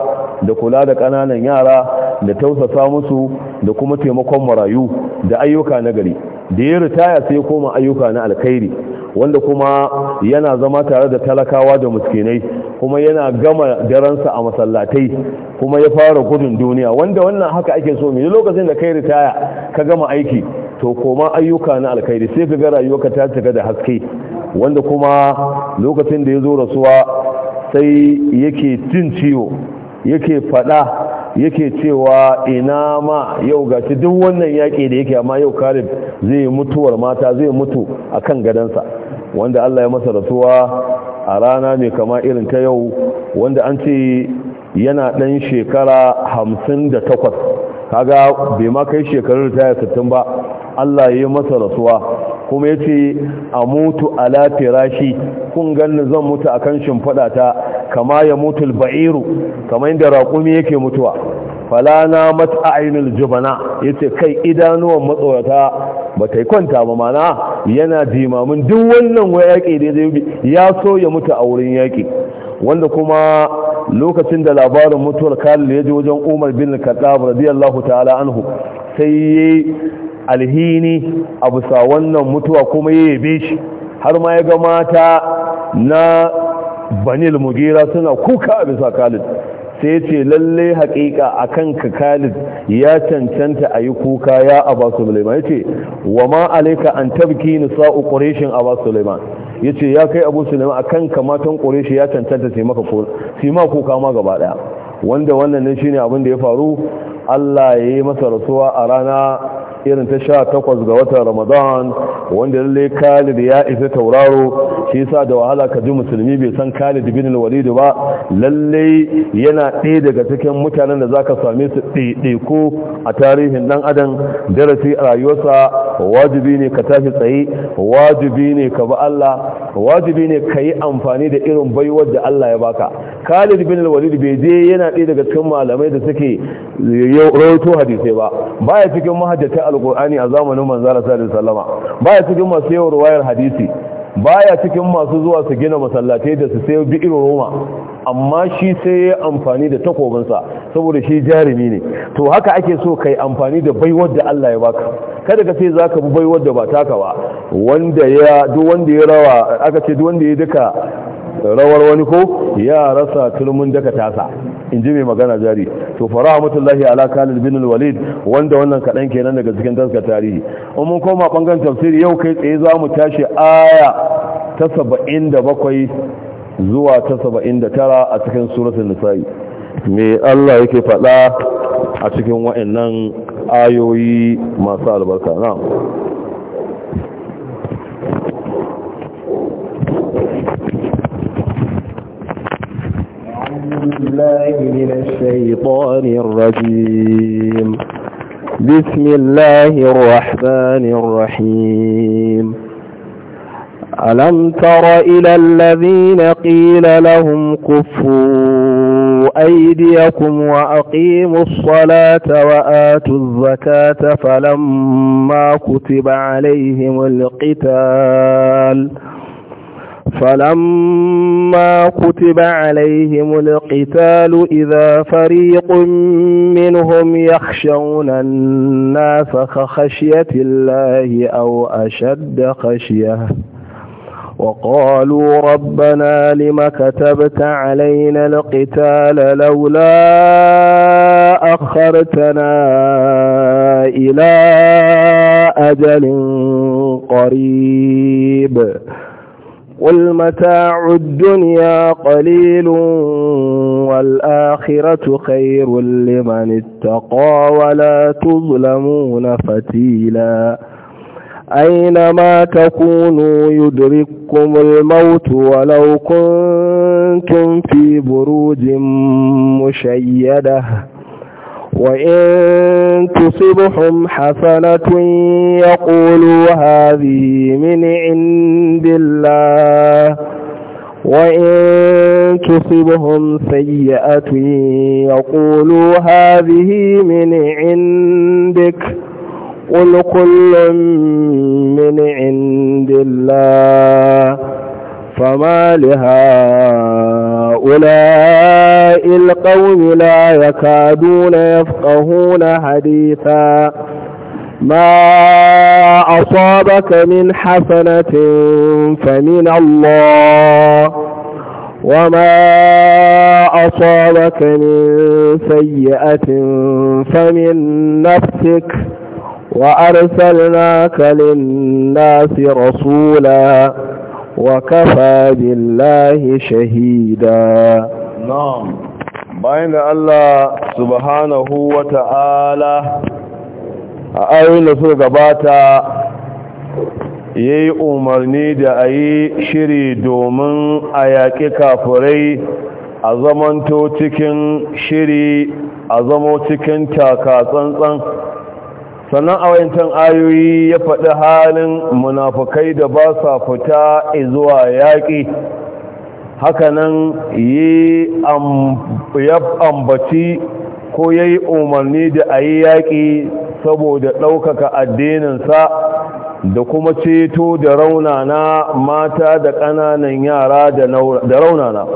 da kula da ƙananan yara da tausasa musu da kuma taimakon marayu da ayyuka na gari da ya ritaya sai koma ayyuka na alkhairi wanda kuma yana zama tare da talakawa da muskinai kuma yana gama daransa a masallatai kuma ya fara gudun duniya wanda wannan haka ake so mai lokacin da kai ritaya ka gama aiki to koma ayyuka na alkhairi sai ka ga rayuwarka ta cika da haske wanda kuma lokacin da ya zo rasuwa sai yake cin ciwo yake faɗa. yake cewa ina ma yau gashi duk wannan yaƙi da yake amma yau karib zai yi mutuwar mata zai mutu a kan gadansa wanda allah ya masa rasuwa a rana mai kama irin ta yau wanda an ce yana ɗan shekara hamsin da takwas kaga bai ma kai shekarun ritaya sittin ba Allah ya yi masa rasuwa kuma ya ce a mutu ala firashi kun ganni zan mutu a kan shimfiɗa ta kama ya mutu ba'iru Kama inda raƙumi yake mutuwa falana mata ainihin jubana ya ce kai idanuwan matsawata ba ta yi kwanta ba mana yana jimamin duk wannan wa yaƙi da ya so ya mutu a wurin yaƙi wanda kuma lokacin da labarin mutuwar Khalid ya ji wajen Umar bin Khattab radiyallahu ta'ala anhu sai yi alhini a bisa wannan mutuwa kuma ya yabe shi har ma ya ga mata na Banil Mugira suna kuka a bisa Khalid sai ce lalle haƙiƙa a ka khalid ya cancanta a yi kuka ya abu suleiman ya ce wa ma alaika an tabki nisa'u ƙureshin abu suleiman ya ce ya kai abu suleiman a ka matan ƙureshi ya cancanta sai maka kuka ma gaba ɗaya wanda wannan ne shine abin da ya faru allah ya yi masa rasuwa a rana irin ta sha takwas ga watan ramadan wanda lalle khalid ya isa tauraro shi yasa da wahala ka ji musulmi bai san khalid bin walid ba lalle yana ɗaya daga cikin mutanen da zaka same su ɗaiɗaiko a tarihin dan adam darasi a rayuwarsa wajibi ne ka tafi tsaye wajibi ne ka bi Allah wajibi ne ka yi amfani da irin baiwar da Allah ya baka khalid bin walid bai je yana ɗaya daga cikin malamai da suke rawaito hadisai ba baya cikin mahajjata al alkur'ani a zamanin Allah sallallahu sallama baya cikin masu yawan ruwayar hadisi baya cikin masu zuwa su gina masallatai da su sayo bi'ir roma amma shi sai ya amfani da takobinsa saboda shi jarumi ne to haka ake so kai amfani da baiwar da Allah ya baka kada ka ce zaka bi baiwar da ba taka ba wanda ya duk wanda ya rawa aka ce duk wanda ya duka rawar wani ko ya rasa turmin daka tasa in ji mai magana jari to fara mutullahi ala kalil bin walid wanda wannan kadan kenan daga cikin daskar tarihi in mun koma bangaren tafsiri yau kai tsaye za mu tashi aya ta 77 zuwa ta tara a cikin suratul nisa'i me Allah yake fada a cikin wa'annan ayoyi masu albarka na'am بالله من الشيطان الرجيم بسم الله الرحمن الرحيم ألم تر إلى الذين قيل لهم كفوا أيديكم وأقيموا الصلاة وآتوا الزكاة فلما كتب عليهم القتال فلما كتب عليهم القتال إذا فريق منهم يخشون الناس كخشية الله أو أشد خشية وقالوا ربنا لم كتبت علينا القتال لولا أخرتنا إلى أجل قريب قل متاع الدنيا قليل والآخرة خير لمن اتقى ولا تظلمون فتيلا أينما تكونوا يدرككم الموت ولو كنتم في بروج مشيده وإن تصبهم حسنة يقولوا هذه من عند الله وإن تصبهم سيئة يقولوا هذه من عندك قل كل من عند الله فما لهؤلاء القوم لا يكادون يفقهون حديثا ما أصابك من حسنة فمن الله وما أصابك من سيئة فمن نفسك وأرسلناك للناس رسولا وكفى بالله شهيدا نعم باين الله سبحانه وتعالى أين غباتا yayi umarni da ayi shiri domin a yaƙi kafurai a zamanto cikin shiri a zamo cikin taka tsantsan sannan a wancan ayoyi ya faɗi halin munafukai da ba sa fita zuwa yaƙi hakanan yi ambaci ko ya yi umarni da a yi yaƙi saboda ɗaukaka addininsa da kuma ceto da raunana mata da ƙananan yara da raunana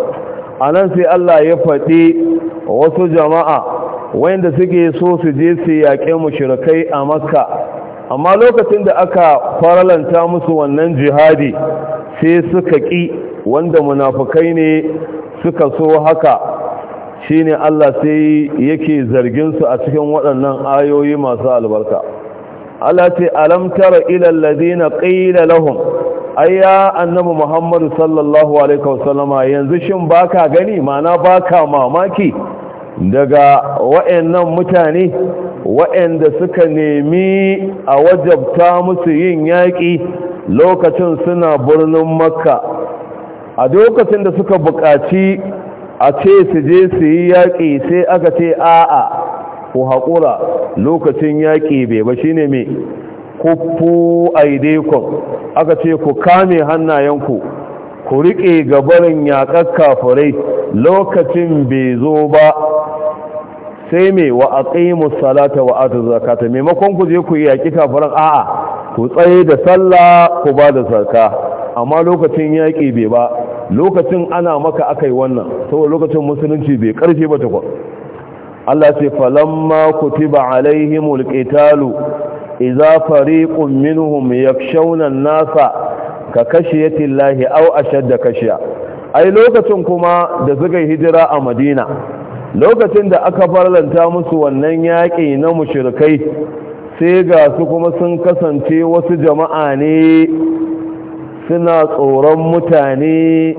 a nan sai Allah ya faɗi wasu jama'a wayanda suke so su je su yaƙe mushrikai a makka amma lokacin da aka faralanta musu wannan jihadi sai suka ƙi wanda munafukai ne suka so haka shine Allah sai yake zargin su a cikin waɗannan ayoyi masu albarka Allah ce alam tara ila alladhina qila lahum ayya annabi Muhammad sallallahu alaihi wasallama yanzu shin baka gani ma'ana baka mamaki daga wa'annan mutane wa'anda suka nemi a wajabta musu yin yaƙi lokacin suna birnin makka a lokacin da suka buƙaci a ce su je su yi yaƙi sai aka ce a'a ku haƙura lokacin yaƙi bai ba shi ne mai kufu aidekon aka ce ku kame hannayenku ku riƙe gabarin yaƙar kafirai lokacin bai zo ba sai mai wa aqimu salata wa atu zakata maimakon ku je ku yi yaki kafaran a'a ku tsaye da sallah ku ba da zarka amma lokacin yaƙi bai ba lokacin ana maka aka yi wannan saboda lokacin musulunci bai karfe ba kwa Allah ce falamma kutiba alaihimul qitalu idza fariƙun minhum ya nasa ka tillahi au ashar ashadda kashiya ai lokacin kuma da suka hijira a Madina lokacin da aka farlanta musu wannan yaƙi na mushrikai sai ga su kuma sun kasance wasu jama'a ne suna tsoron mutane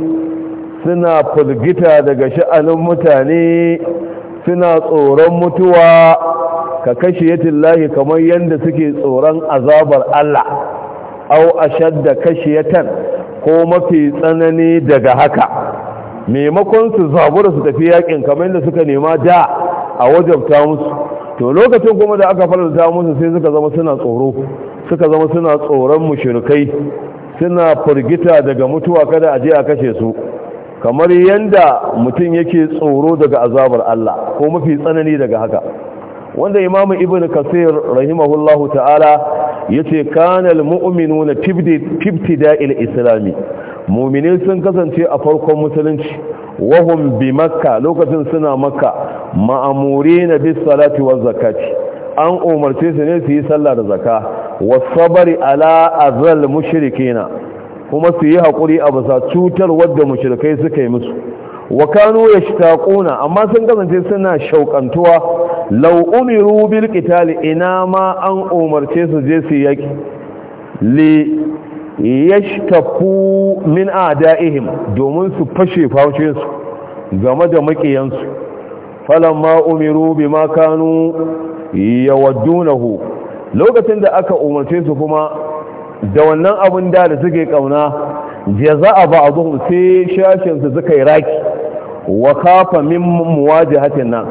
suna fulgita daga sha'anin mutane suna tsoron mutuwa ka kashe yatin lahi kamar yadda suke tsoron azabar Allah au ashadda kashiyatan ko mafi tsanani daga haka maimakon su zabura su tafi yakin kamar yadda suka nema da a wajabta musu to lokacin kuma da aka faranta musu sai suka zama suna tsoro suka zama suna tsoron mushrikai suna firgita daga mutuwa kada a je a kashe su kamar yadda mutum yake tsoro daga azabar Allah ko mafi tsanani daga haka wanda Imam ibn kasir rahimahullahu ta'ala yace kana al-mu'minuna tibtida'il islami muminin sun kasance a farkon musulunci wahum bi makka lokacin suna makka ma'amuri na bisalati salati wa zakati an umarce su ne su yi sallah da zaka wasabari ala azal mushrikina kuma su yi haƙuri a bisa cutar wadda mushrikai suka yi musu wa kanu yashtaquna amma sun kasance suna shauƙantuwa law umiru bil ina ma an umarce su je su yaki li yashtaku min adaihim domin su fashe fashe game da makiyansu falamma umiru bima kanu yawaddunahu lokacin da aka umarce su kuma da wannan abin da da suke kauna jaza'a ba'dhum sai shashin su suka yi raki wa kafa min muwajahatin nan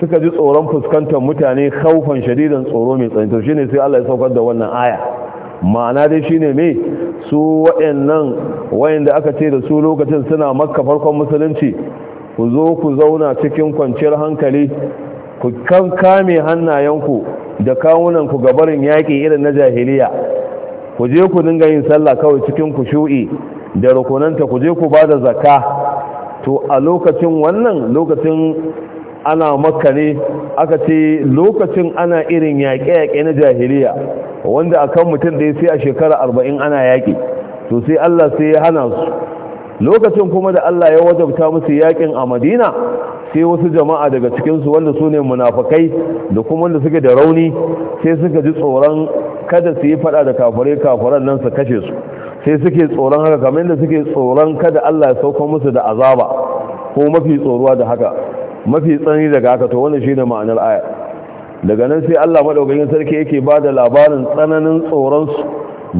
suka ji tsoron fuskantar mutane khaufan shadidan tsoro mai tsanto shine sai Allah ya saukar da wannan aya ma'ana dai shine me su waɗannan wayanda aka ce da su lokacin suna maka farkon musulunci ku zo ku zauna cikin kwanciyar hankali ku kan kame hannayenku da kawunanku ga barin yaƙi irin na jahiliya ku je ku dinga yin sallah kawai cikin ku shu'i da rukunanta ku je ku bada zakka to a lokacin wannan lokacin ana makka ne aka ce lokacin ana irin yaƙe-yaƙe na jahiliya wanda akan mutum da sai a shekara arba'in ana yaƙi to sai Allah sai ya hana su lokacin kuma da Allah ya wajabta musu yaƙin a Madina sai wasu jama'a daga cikinsu wanda sune munafikai munafakai da kuma wanda suke da rauni sai suka ji tsoron kada su yi fada da kafare kafaran nan su kashe su sai suke tsoron haka kamar yadda suke tsoron kada Allah ya sauka musu da azaba ko mafi tsoruwa da haka mafi tsani daga haka to wannan shine ma'anar aya daga nan sai Allah madaukakin sarki yake ba da labarin tsananin tsoronsu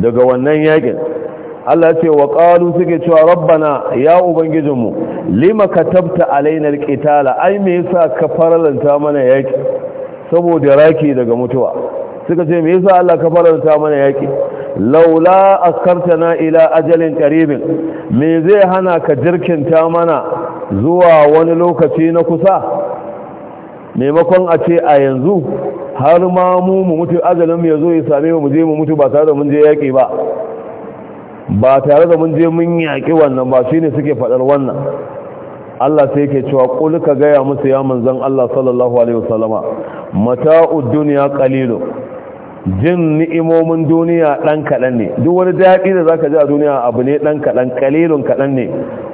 daga wannan yakin Allah ce wa qalu suke cewa rabbana ya ubangijinmu lima katabta alaina alqitala ai me yasa ka faralanta mana yaki saboda raki daga mutuwa suka ce me yasa Allah ka faralanta mana yaki laula askartana ila ajalin qaribin me zai hana ka jirkinta mana zuwa wani lokaci na kusa maimakon a ce a yanzu har ma mu mu mutu azalin ya zo ya same mu je mu mutu ba tare da mun je yaƙi ba ba tare da mun je mun yaƙi wannan ba shine suke faɗar wannan Allah sai yake cewa qul ka gaya musu ya manzon Allah sallallahu alaihi wasallama mata'ud dunya qalilun jin ni'imomin duniya ɗan kaɗan ne duk wani daɗi da zaka ji a duniya abu ne ɗan kaɗan kalilun kaɗan ne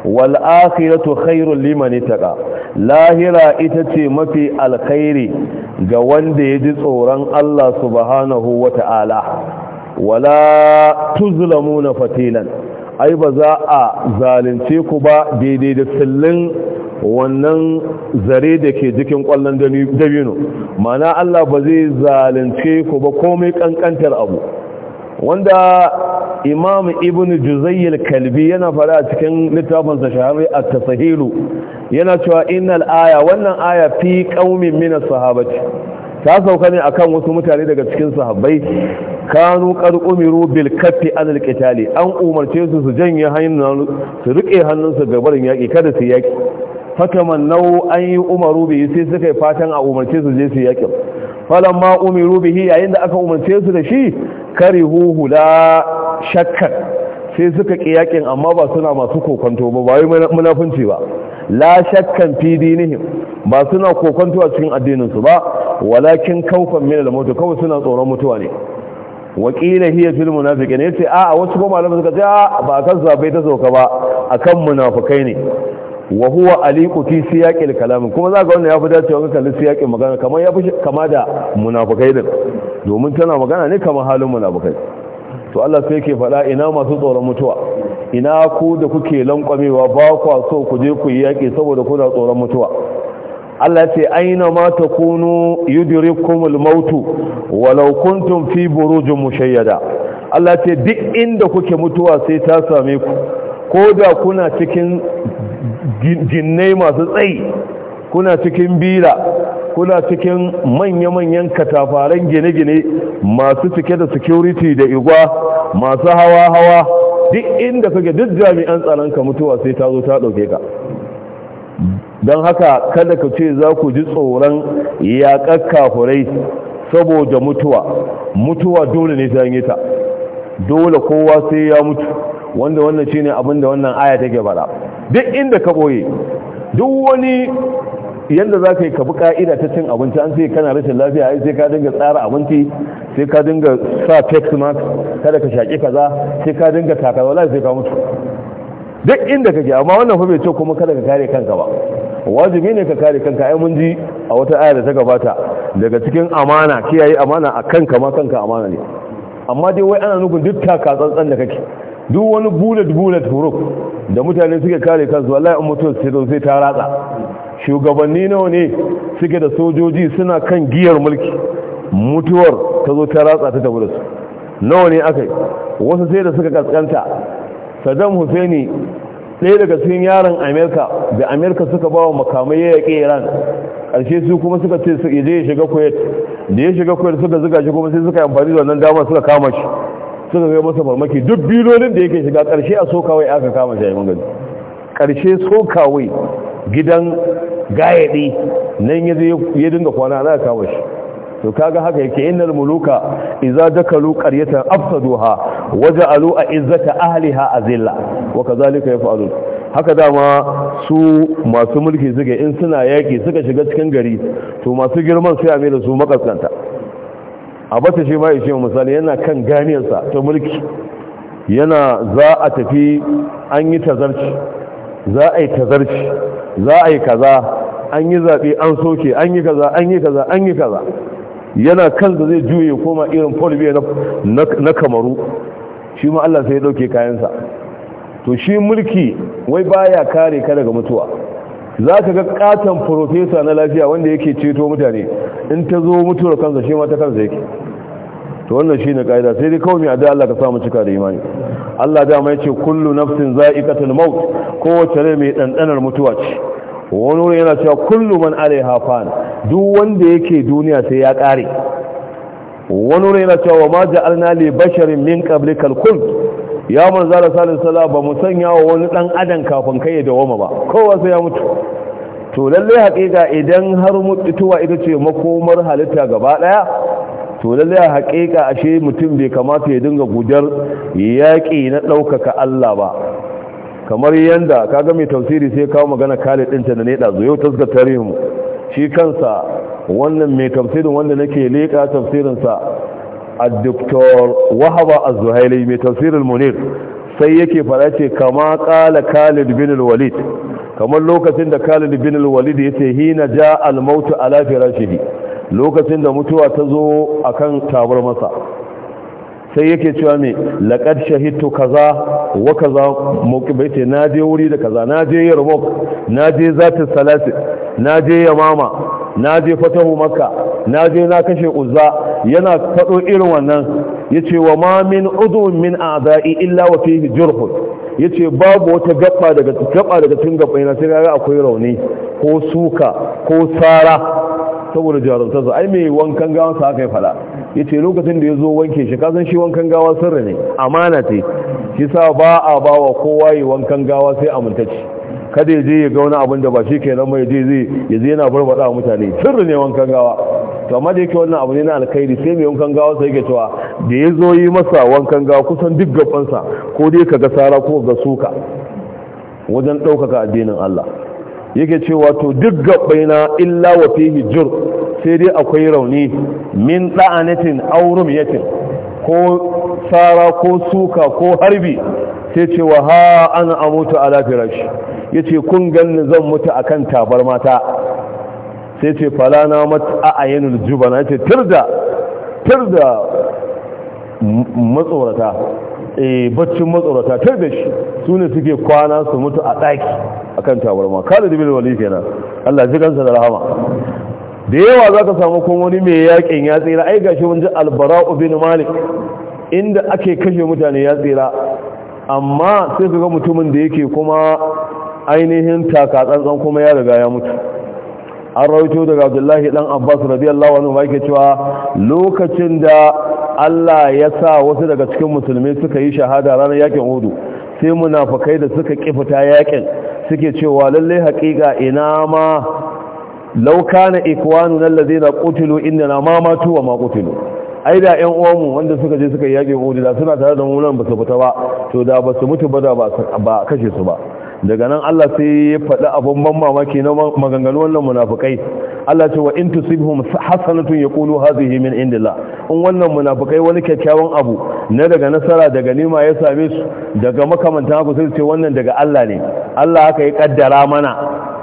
wal akhiratu khairul liman ittaqa lahira ita ce mafi alkhairi ga wanda ya ji tsoron Allah subhanahu wata'ala wala tuzlamuna fatilan ai ba za a zalunce ku ba daidai da sillin wannan zare da ke jikin kwallon dabino mana Allah ba zai zalunce ku ba komai ƙanƙantar abu wanda imam ibn juzayyil kalbi yana fara a cikin littafinsa shahararri a tasahilu yana cewa innal aya wannan aya fi qaumin min sahabati ta sauka ne akan wasu mutane daga cikin sahabbai kanu qad umiru bil kaffi an al qitali an umarce su su janye hannun su rike hannunsu gabarin yaki kada su yaki nau an yi umaru bihi sai suka yi fatan a umarce su je su yakin falan ma umiru bihi yayin da aka umarce su da shi huhu la shakkar sai suka ki yakin amma ba suna masu kokonto ba ba yi munafunci ba la shakkan fi dinihim ba suna kokonto a cikin addininsu ba walakin kaufan min al kawai suna tsoron mutuwa ne wakila hiya fil munafiqin yace a wasu ko malaman suka ce ba kan zabe ta ka ba akan munafikai ne wa huwa aliku fi siyaqil kalam kuma za ga wannan ya fi dacewa ga kallon siyaqin magana kamar ya fi kama da munafikai din domin tana magana ne kamar halin munafikai to Allah sai yake faɗa ina masu tsoron mutuwa ina ku da kuke lankwamewa ba kwa so ku je ku yi yaƙi saboda kuna tsoron mutuwa Allah ce aina ma takunu yudrikumul mautu walau kuntum fi burujin mushayyada Allah ce duk inda kuke mutuwa sai ta same ku ko da kuna cikin jinnai masu tsayi kuna cikin bila kuna cikin manya-manyan katafaren gine-gine masu cike da security da igwa masu hawa-hawa duk inda kake duk jami'an tsaronka mutuwa sai ta zo ta ɗauke ka don haka kada ka ce za ku ji tsoron yaƙar kafurai saboda mutuwa mutuwa dole ne ta yi ta dole kowa sai ya mutu wanda wannan shi ne abinda wannan aya take bara duk inda ka boye duk wani yadda za ka yi ka ka'ida ta cin abinci an sai kana rashin lafiya ai sai ka dinga tsara abinci sai ka dinga sa text mark kada ka shaƙi kaza sai ka dinga taka wala sai ka mutu duk inda ka ke amma wannan fa bai ce kuma kada ka kare kanka ba wajibi ne ka kare kanka ai mun ji a wata aya da ta gabata daga cikin amana kiyaye amana a kanka ma kanka amana ne amma dai wai ana nufin duk takatsantsan tsantsan da kake duk wani bullet bullet huruf da mutane suke kare kansu wallahi in mutum sai sai ta ratsa shugabanni nawa ne suke da sojoji suna kan giyar mulki mutuwar ta zo ta ratsa ta tabbata su nawa ne aka yi wasu sai da suka kaskanta saddam husaini ɗaya daga cikin yaron amerika da amerika suka ba wa makamai ya yaƙe iran ƙarshe su kuma suka ce su je ya shiga kuwait da ya shiga kuwait suka zuga shi kuma sai suka yi amfani da wannan dama suka kama shi suka zai masa farmaki duk bilolin da yake shiga karshe a sokawai aka kama shi a yi karshe sokawai gidan gayaɗi nan ya dinga kwana ana kama shi to kaga haka yake innal muluka idza dakalu qaryatan afsaduha waja'alu a'izzata ahliha azilla wa kadhalika yaf'alun haka dama su masu mulki suke in suna yaki suka shiga cikin gari to masu girman sai a mai da su makaskanta a bata shi ma ya ce misali yana kan ganiyarsa ta mulki yana za a tafi an yi tazarci za a yi tazarci za a yi kaza an yi zaɓe an soke an yi kaza an yi kaza an yi kaza yana kan da zai juye koma irin polibiya na kamaru shi ma Allah sai ya ɗauke kayansa to shi mulki wai baya kare ka daga mutuwa za ka ga katon profesa na lafiya wanda yake ceto mutane in ta zo mutuwar kansa shi ma ta kansa yake to wannan shi ne kaida sai dai kawai a da Allah ka samu cika da imani Allah dama ya ce kullu nafsin za'iqatul maut kowace rai mai ɗanɗanar mutuwa ce wani wurin yana cewa kullu man alaiha fan duk wanda yake duniya sai ya kare wani wurin yana cewa ma ja'alna li basharin min qablikal Kalkul ya manzo da salin Sala ba mu sanya wa wani dan adam kafin kai ya wama ba kowa sai ya mutu to lallai haƙiƙa idan har mutuwa ita ce makomar halitta gaba ɗaya. to lalle a haƙiƙa ashe mutum bai kamata ya dinga gujar yaƙi na ɗaukaka Allah ba kamar yanda kaga mai tafsiri sai kawo magana Khalid ɗin ta da ne ɗazu. yau tasga tarihin shi kansa wannan mai tafsirin wanda nake leƙa tafsirin sa doktor Wahaba a zuhaili mai tafsirin Munir sai yake fara ce kama ƙala Khalid bin walid kamar lokacin da Khalid bin walid ya ce hina ja al mautu ala firashihi lokacin da mutuwa ta zo a kan tabar masa sai yake cewa mai laƙar shahitu kaza wa kaza bai ce na je wuri da kaza na je yarmouk na je zatin Salatu. na je yamama na je fatahu Maka. na je na kashe uzza yana faɗo irin wannan ya ce wa ma min udun min azai illa wa fi jirhu ya ce babu wata gaba daga cikin gaba yana sai ga akwai rauni ko suka ko tsara saboda jarumtarsa ai mai wankan gawa sa haka ya fada ya ce lokacin da ya zo wanke shi kasan shi wankan gawa sirri ne amana ce shi sa ba a ba wa kowa yi wankan gawa sai amintacci kada ya je ya ga wani abin da ba shi kenan mai ya je yana barbada wa mutane sirri ne wankan gawa to amma da yake wannan abu ne na alkhairi sai mai wankan gawa sai yake cewa da ya zo yi masa wankan gawa kusan duk gabansa ko dai ka ga sara ko ga suka wajen ɗaukaka addinin Allah yake cewa to duk gabbaina illa wa fihi jur sai dai akwai rauni min da'anatin aw rumyatin ko sara ko suka ko harbi sai ce wa ha ana amutu ala firash yace kun ganni zan mutu akan tabar mata sai ce fala na mat a'yanul jubana yace tirda tirda matsorata Eh, baccin matsorata ta da shi su ne suke kwana su mutu a ɗaki a kan tabarma kada da wali kenan allah ji kansa da rahama da yawa za ka samu kuma wani mai yakin ya tsira ai gashi wani albara Ubin malik inda ake kashe mutane ya tsira amma sai ka ga mutumin da yake kuma ainihin taka tsantsan kuma ya riga ya mutu an rawaito daga abdullahi dan abbas radiyallahu anhu ma yake cewa lokacin da Allah ya sa wasu daga cikin musulmi suka yi shahada ranar yakin hudu sai munafakai da suka kifuta yakin suke cewa lalle haƙiƙa ina ma lauka na ikwanu na lalle na kutulu inda na mamatuwa wa ma ƙutilo ai da yan uwanmu wanda suka je suka yi yakin hudu da suna tare da mu nan ba su fita ba to da ba su mutu ba da ba kashe su ba daga nan Allah sai ya faɗi abun ban mamaki na maganganu wannan munafukai. Allah ce wa in tusibhum hasanatun yaqulu hadhihi min indillah in wannan munafukai wani kyakkyawan abu na daga nasara daga nima ya same su daga makamantan haka sai ce wannan daga Allah ne Allah haka ya kaddara mana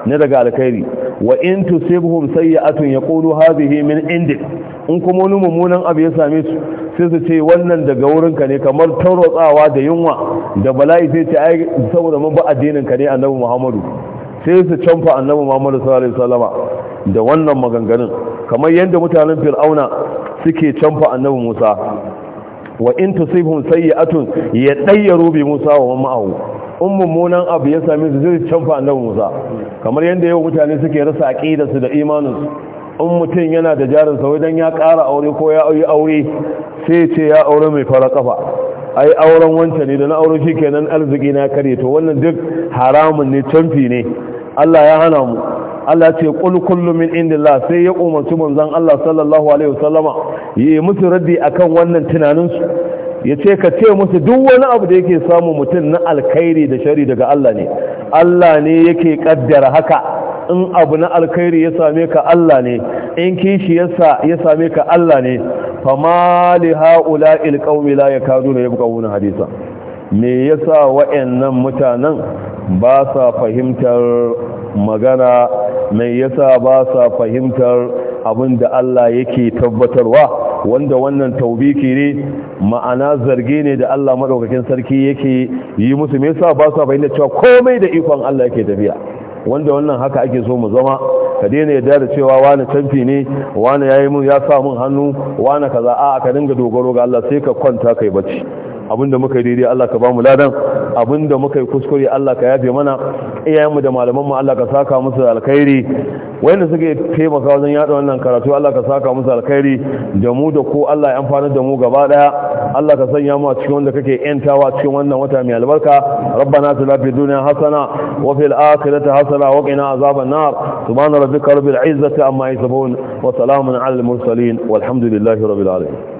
na daga alkhairi wa in tusibhum sayyi'atun yaqulu hadhihi min indillah in kuma wani mummunan abu ya same su sai su ce wannan daga wurinka ne kamar tarotsawa da yunwa da bala'i sai ce ai saboda mun ba addinin ka ne annabi muhammadu sai su canfa annabi muhammadu sallallahu alaihi wasallama da wannan maganganun kamar yadda mutanen fir'auna suke canfa annabi musa wa in tusibhum sayyi'atun yadayyaru bi musa wa man ma'ahu in mummunan abu ya same su su canfa annabi musa kamar yadda yau mutane suke rasa aqidarsu da imaninsu in mutum yana da jarin jarinsa wajen ya ƙara aure ko ya yi aure sai ce ya aure mai fara kafa ai auren wancan ne da na aure shi kenan arziki na kare to wannan duk haramun ne canfi ne Allah ya hana mu Allah ce qul kullu min indillah sai ya umarci manzon Allah sallallahu alaihi wasallama yi musu raddi akan wannan tunaninsu su ce ka ce musu duk wani abu da yake samun mutum na alkhairi da shari daga Allah ne Allah ne yake kaddara haka in abu na alkhairi ya same ka Allah ne in kishi ya same ka Allah ne fama li haula il qaumi la yakaduna yabqawuna hadisa me yasa wayannan mutanen ba sa fahimtar magana me yasa ba sa fahimtar abinda Allah yake tabbatarwa wanda wannan taubiki ne ma'ana zargi ne da Allah madaukakin sarki yake yi musu me yasa ba sa bayyana cewa komai da ikon Allah yake tafiya wanda wannan haka ake so mu zama ka daina yarda da cewa wani canfi ne wani yayi mun ya sa mun hannu wani kaza a ka dinga dogaro ga Allah sai ka kwanta kai bacci abinda muka yi daidai Allah ka ba mu ladan abinda muka yi kuskure Allah ka yafe mana iyayenmu da malamanmu Allah ka saka musu alkhairi wanda suke taimaka wajen yada wannan karatu Allah ka saka musu alkhairi da mu da ko Allah ya amfana da mu gaba daya Allah ka sanya mu a cikin wanda kake yantawa cikin wannan wata mai albarka rabbana atina fid dunya hasana wa fil akhirati hasana wa qina azaban nar subhana rabbika rabbil izzati amma yasifun wa salamun alal mursalin walhamdulillahi rabbil alamin